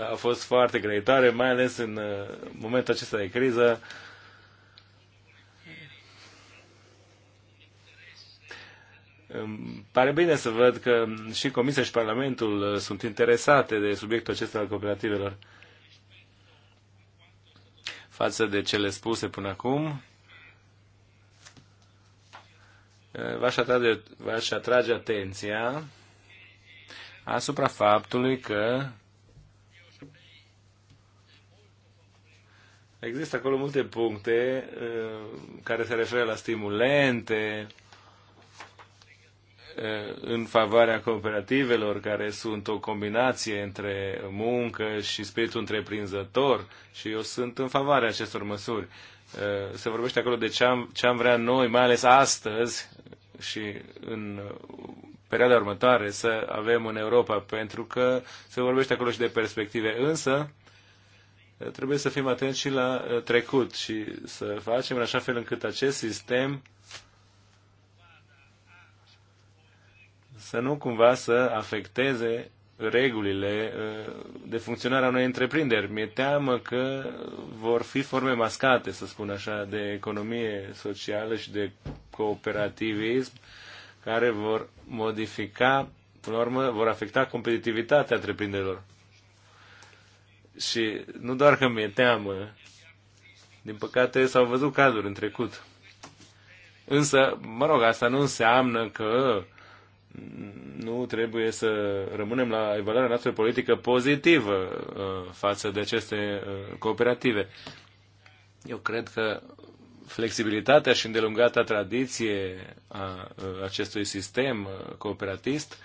a fost foarte greitoare, mai ales în uh, momentul acesta de criză. Îmi pare bine să văd că și Comisia și Parlamentul uh, sunt interesate de subiectul acesta al cooperativelor față de cele spuse până acum. Uh, v-aș atrage, v-aș atrage atenția asupra faptului că Există acolo multe puncte uh, care se referă la stimulente uh, în favoarea cooperativelor, care sunt o combinație între muncă și spiritul întreprinzător și eu sunt în favoarea acestor măsuri. Uh, se vorbește acolo de ce am, ce am vrea noi, mai ales astăzi și în perioada următoare să avem în Europa, pentru că se vorbește acolo și de perspective. Însă, trebuie să fim atenți și la uh, trecut și să facem în așa fel încât acest sistem să nu cumva să afecteze regulile uh, de funcționare a unei întreprinderi. Mi-e teamă că vor fi forme mascate, să spun așa, de economie socială și de cooperativism care vor modifica, până la urmă, vor afecta competitivitatea întreprinderilor. Și nu doar că mi-e teamă, din păcate s-au văzut cazuri în trecut. Însă, mă rog, asta nu înseamnă că nu trebuie să rămânem la evaluarea noastră politică pozitivă uh, față de aceste uh, cooperative. Eu cred că flexibilitatea și îndelungata tradiție a uh, acestui sistem cooperatist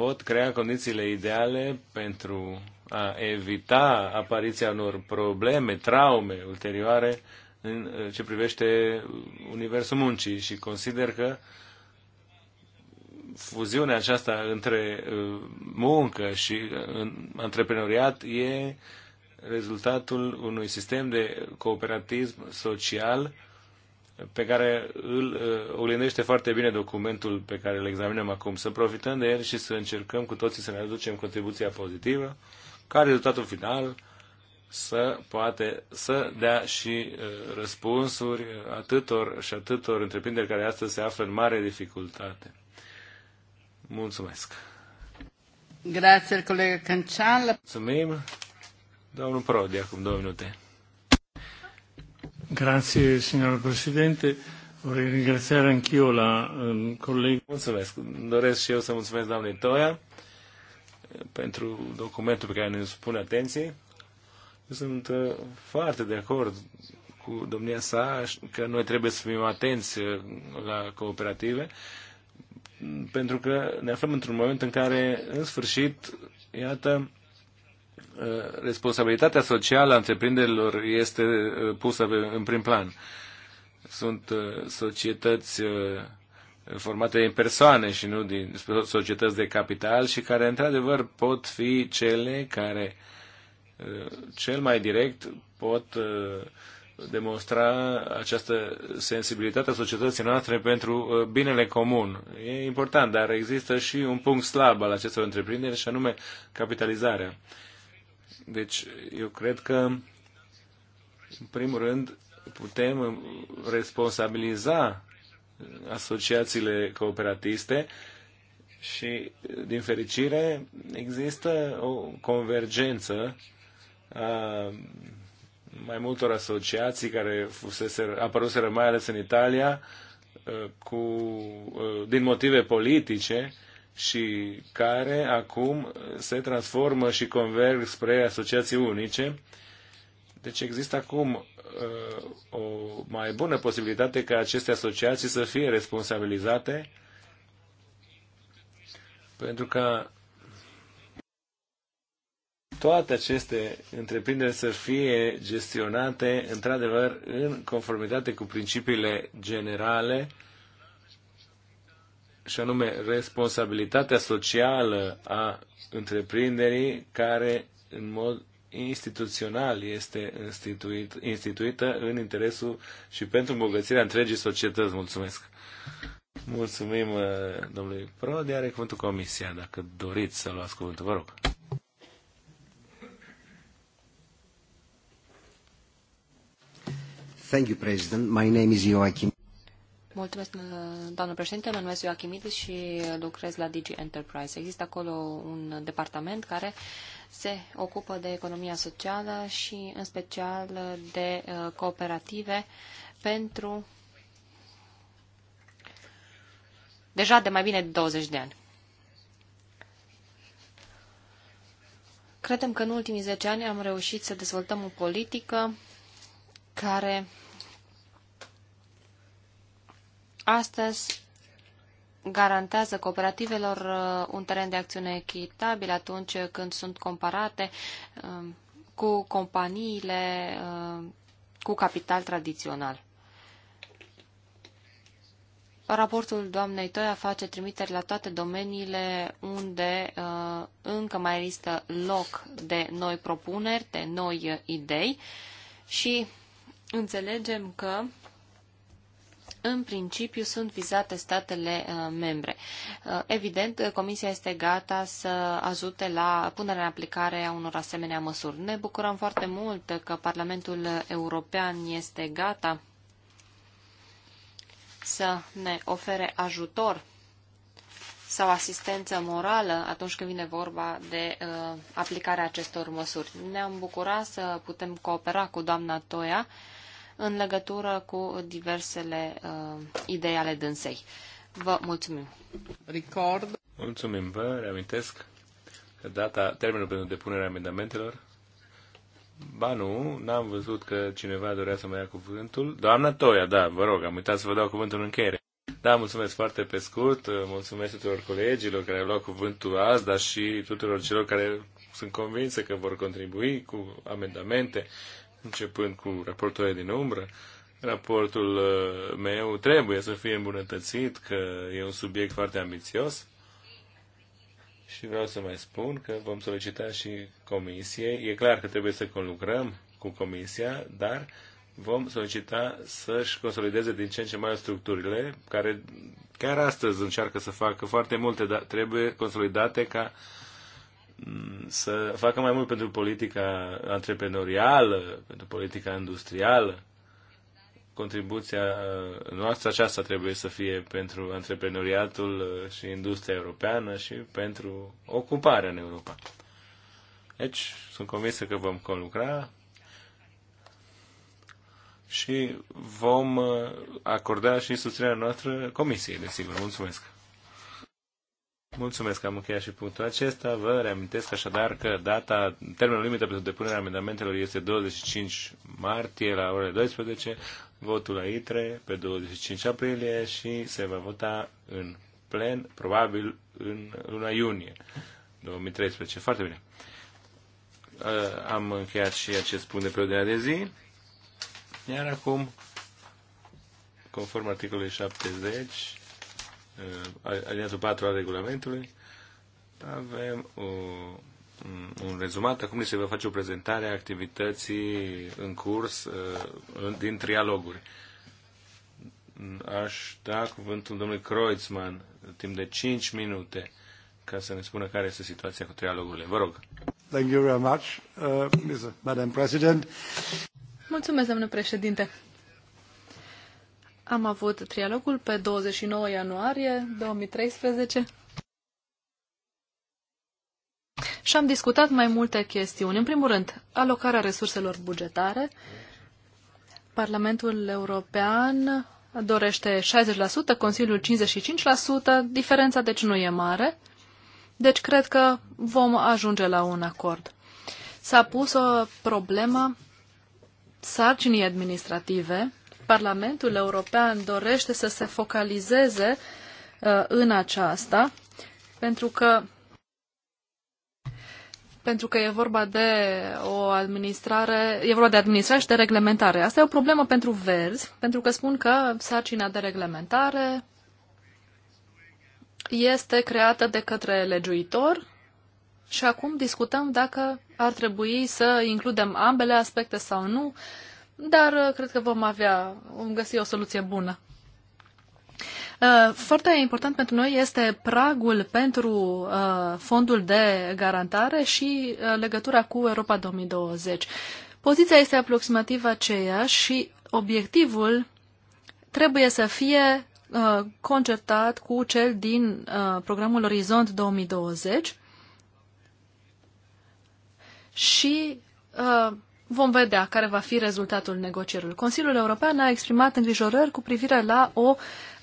pot crea condițiile ideale pentru a evita apariția unor probleme, traume ulterioare în uh, ce privește universul muncii și consider că fuziunea aceasta între uh, muncă și uh, antreprenoriat e rezultatul unui sistem de cooperatism social pe care îl uh, oglindește foarte bine documentul pe care îl examinăm acum. Să profităm de el și să încercăm cu toții să ne aducem contribuția pozitivă, ca rezultatul final să poate să dea și uh, răspunsuri atâtor și atâtor întreprinderi care astăzi se află în mare dificultate. Mulțumesc! Grazie, colega Cancian. Mulțumim. Domnul Prodi, acum două minute. Grazie, signor Presidente. Vorrei ringraziare anch'io la um, collega. Mulțumesc. Doresc și eu să mulțumesc doamnei Toia eh, pentru documentul pe care ne spune atenție. Eu sunt uh, foarte de acord cu domnia sa că noi trebuie să fim atenți eh, la cooperative pentru că ne aflăm într-un moment în care, în sfârșit, iată, Eh, responsabilitatea socială a întreprinderilor este eh, pusă în prim plan. Sunt eh, societăți formate din persoane și nu din societăți de capital și care, într-adevăr, pot fi cele care cel mai direct pot demonstra această sensibilitate a societății noastre pentru binele comun. E important, dar există și un punct slab al acestor întreprinderi și anume capitalizarea. Deci, eu cred că, în primul rând, putem responsabiliza asociațiile cooperatiste și, din fericire, există o convergență a mai multor asociații care fusese, apăruseră mai ales în Italia uh, cu, uh, din motive politice și care acum se transformă și converg spre asociații unice. Deci există acum uh, o mai bună posibilitate ca aceste asociații să fie responsabilizate pentru ca toate aceste întreprinderi să fie gestionate într-adevăr în conformitate cu principiile generale și anume responsabilitatea socială a întreprinderii care în mod instituțional este instituit, instituită în interesul și pentru îmbogățirea întregii societăți. Mulțumesc! Mulțumim uh, domnului Prodi, are cuvântul comisia, dacă doriți să luați cuvântul, vă rog. Thank you, President. My name is Joachim. Mulțumesc, doamnă președinte. Mă numesc Joachimidis și lucrez la Digi Enterprise. Există acolo un departament care se ocupă de economia socială și în special de uh, cooperative pentru deja de mai bine de 20 de ani. Credem că în ultimii 10 ani am reușit să dezvoltăm o politică care astăzi garantează cooperativelor uh, un teren de acțiune echitabil atunci când sunt comparate uh, cu companiile uh, cu capital tradițional. Raportul doamnei Toia face trimiteri la toate domeniile unde uh, încă mai există loc de noi propuneri, de noi idei și înțelegem că în principiu sunt vizate statele uh, membre. Uh, evident, Comisia este gata să ajute la punerea în aplicare a unor asemenea măsuri. Ne bucurăm foarte mult că Parlamentul European este gata să ne ofere ajutor sau asistență morală atunci când vine vorba de uh, aplicarea acestor măsuri. Ne-am bucurat să putem coopera cu doamna Toia în legătură cu diversele uh, idei ale dânsei. Vă mulțumim. Record. Mulțumim, vă reamintesc că data, termenul pentru depunerea amendamentelor Ba nu, n-am văzut că cineva dorea să mă ia cuvântul. Doamna Toia, da, vă rog, am uitat să vă dau cuvântul în încheiere. Da, mulțumesc foarte pe scurt, mulțumesc tuturor colegilor care au luat cuvântul azi, dar și tuturor celor care sunt convinsă că vor contribui cu amendamente începând cu raportul din umbră, raportul uh, meu trebuie să fie îmbunătățit, că e un subiect foarte ambițios și vreau să mai spun că vom solicita și comisiei. E clar că trebuie să conlucrăm cu comisia, dar vom solicita să-și consolideze din ce în ce mai structurile, care chiar astăzi încearcă să facă foarte multe, dar trebuie consolidate ca să facă mai mult pentru politica antreprenorială, pentru politica industrială. Contribuția uh, noastră aceasta trebuie să fie pentru antreprenoriatul uh, și industria europeană și pentru ocuparea în Europa. Deci, sunt convinsă că vom conlucra și vom uh, acorda și susținerea noastră comisiei, desigur. Mulțumesc! Mulțumesc că am încheiat și punctul acesta. Vă reamintesc așadar că data, termenul limită pentru depunerea amendamentelor este 25 martie la orele 12, votul la ITRE pe 25 aprilie și se va vota în plen, probabil în luna iunie 2013. Foarte bine. Uh, am încheiat și acest punct de pe ordinea de zi. Iar acum, conform articolului 70, Uh, aliatul 4 al regulamentului, avem o, un rezumat. Acum se va face o prezentare a activității în curs uh, din trialoguri. Aș da cuvântul domnului Kreuzmann timp de 5 minute ca să ne spună care este situația cu trialogurile. Vă rog. Thank you very much, uh, Madam President. Mulțumesc, domnule președinte. Am avut trialogul pe 29 ianuarie 2013 și am discutat mai multe chestiuni. În primul rând, alocarea resurselor bugetare. Parlamentul European dorește 60%, Consiliul 55%, diferența deci nu e mare. Deci cred că vom ajunge la un acord. S-a pus o problemă sarcinii administrative Parlamentul European dorește să se focalizeze uh, în aceasta, pentru că pentru că e vorba de o administrare, e vorba de administrare și de reglementare. Asta e o problemă pentru verzi, pentru că spun că sarcina de reglementare este creată de către legiuitor și acum discutăm dacă ar trebui să includem ambele aspecte sau nu. Uh, dar uh, cred că vom avea, vom găsi o soluție bună. Uh, foarte important pentru noi este pragul pentru uh, fondul de garantare și legătura cu Europa 2020. Poziția este aproximativ aceea și obiectivul trebuie să fie concertat cu cel din programul Orizont 2020 și Vom vedea care va fi rezultatul negocierilor. Consiliul European a exprimat îngrijorări cu privire la o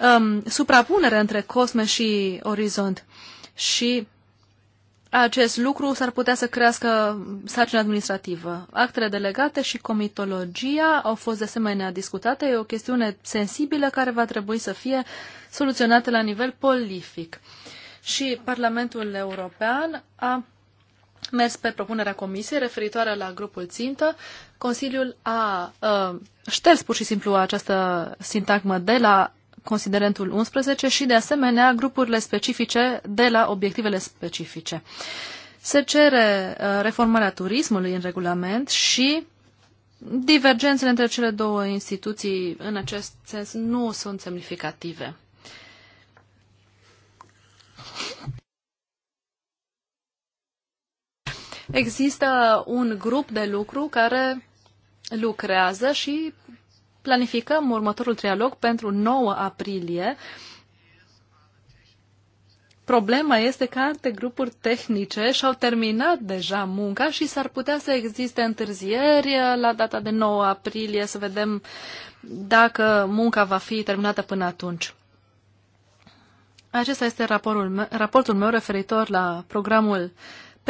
um, suprapunere între Cosme și Orizont. Și acest lucru s-ar putea să crească sarcina administrativă. Actele delegate și comitologia au fost de asemenea discutate. E o chestiune sensibilă care va trebui să fie soluționată la nivel politic. Și Parlamentul European a mers pe propunerea comisiei referitoare la grupul țintă. Consiliul a uh, șters pur și simplu această sintagmă de la considerentul 11 și, de asemenea, grupurile specifice de la obiectivele specifice. Se cere uh, reformarea turismului în regulament și divergențele între cele două instituții în acest sens nu sunt semnificative. Există un grup de lucru care lucrează și planificăm următorul trialog pentru 9 aprilie. Problema este că alte grupuri tehnice și-au terminat deja munca și s-ar putea să existe întârzieri la data de 9 aprilie, să vedem dacă munca va fi terminată până atunci. Acesta este raportul meu, raportul meu referitor la programul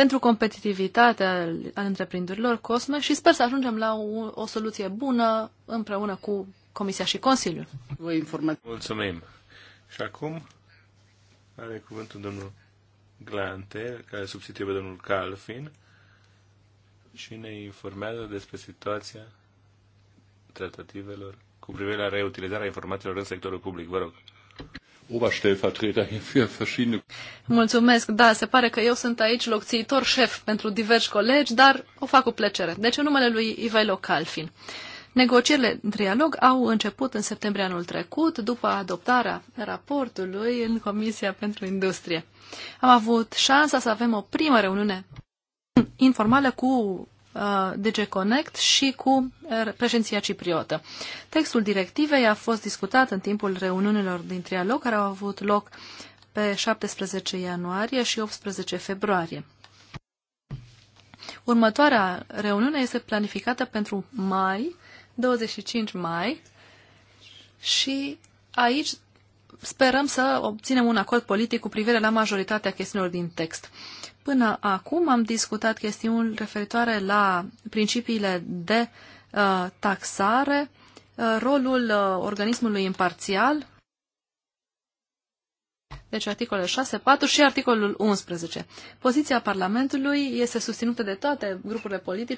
pentru competitivitatea al întreprinderilor COSME și sper să ajungem la o, o soluție bună împreună cu Comisia și Consiliul. Vă informați. Mulțumim. Și acum are cuvântul domnul Glante, care substituie domnul Calfin și ne informează despre situația tratativelor cu privire la reutilizarea informațiilor în sectorul public. Vă rog. Oberstellvertreter hier für verschiedene... Mulțumesc, da, se pare că eu sunt aici locțiitor șef pentru diversi colegi, dar o fac cu plăcere. Deci în numele lui Ivailo Calfin. Negocierile în trialog au început în septembrie anul trecut, după adoptarea raportului în Comisia pentru Industrie. Am avut șansa să avem o primă reuniune informală cu Uh, DG Connect și cu uh, președinția cipriotă. Textul directivei a fost discutat în timpul reuniunilor din trialog care au avut loc pe 17 ianuarie și 18 februarie. Următoarea reuniune este planificată pentru mai, 25 mai, și aici sperăm să obținem un acord politic cu privire la majoritatea chestiunilor din text. Până acum am discutat chestiuni referitoare la principiile de uh, taxare, uh, rolul uh, organismului imparțial, deci articolele 6, 4 și articolul 11. Poziția Parlamentului este susținută de toate grupurile politice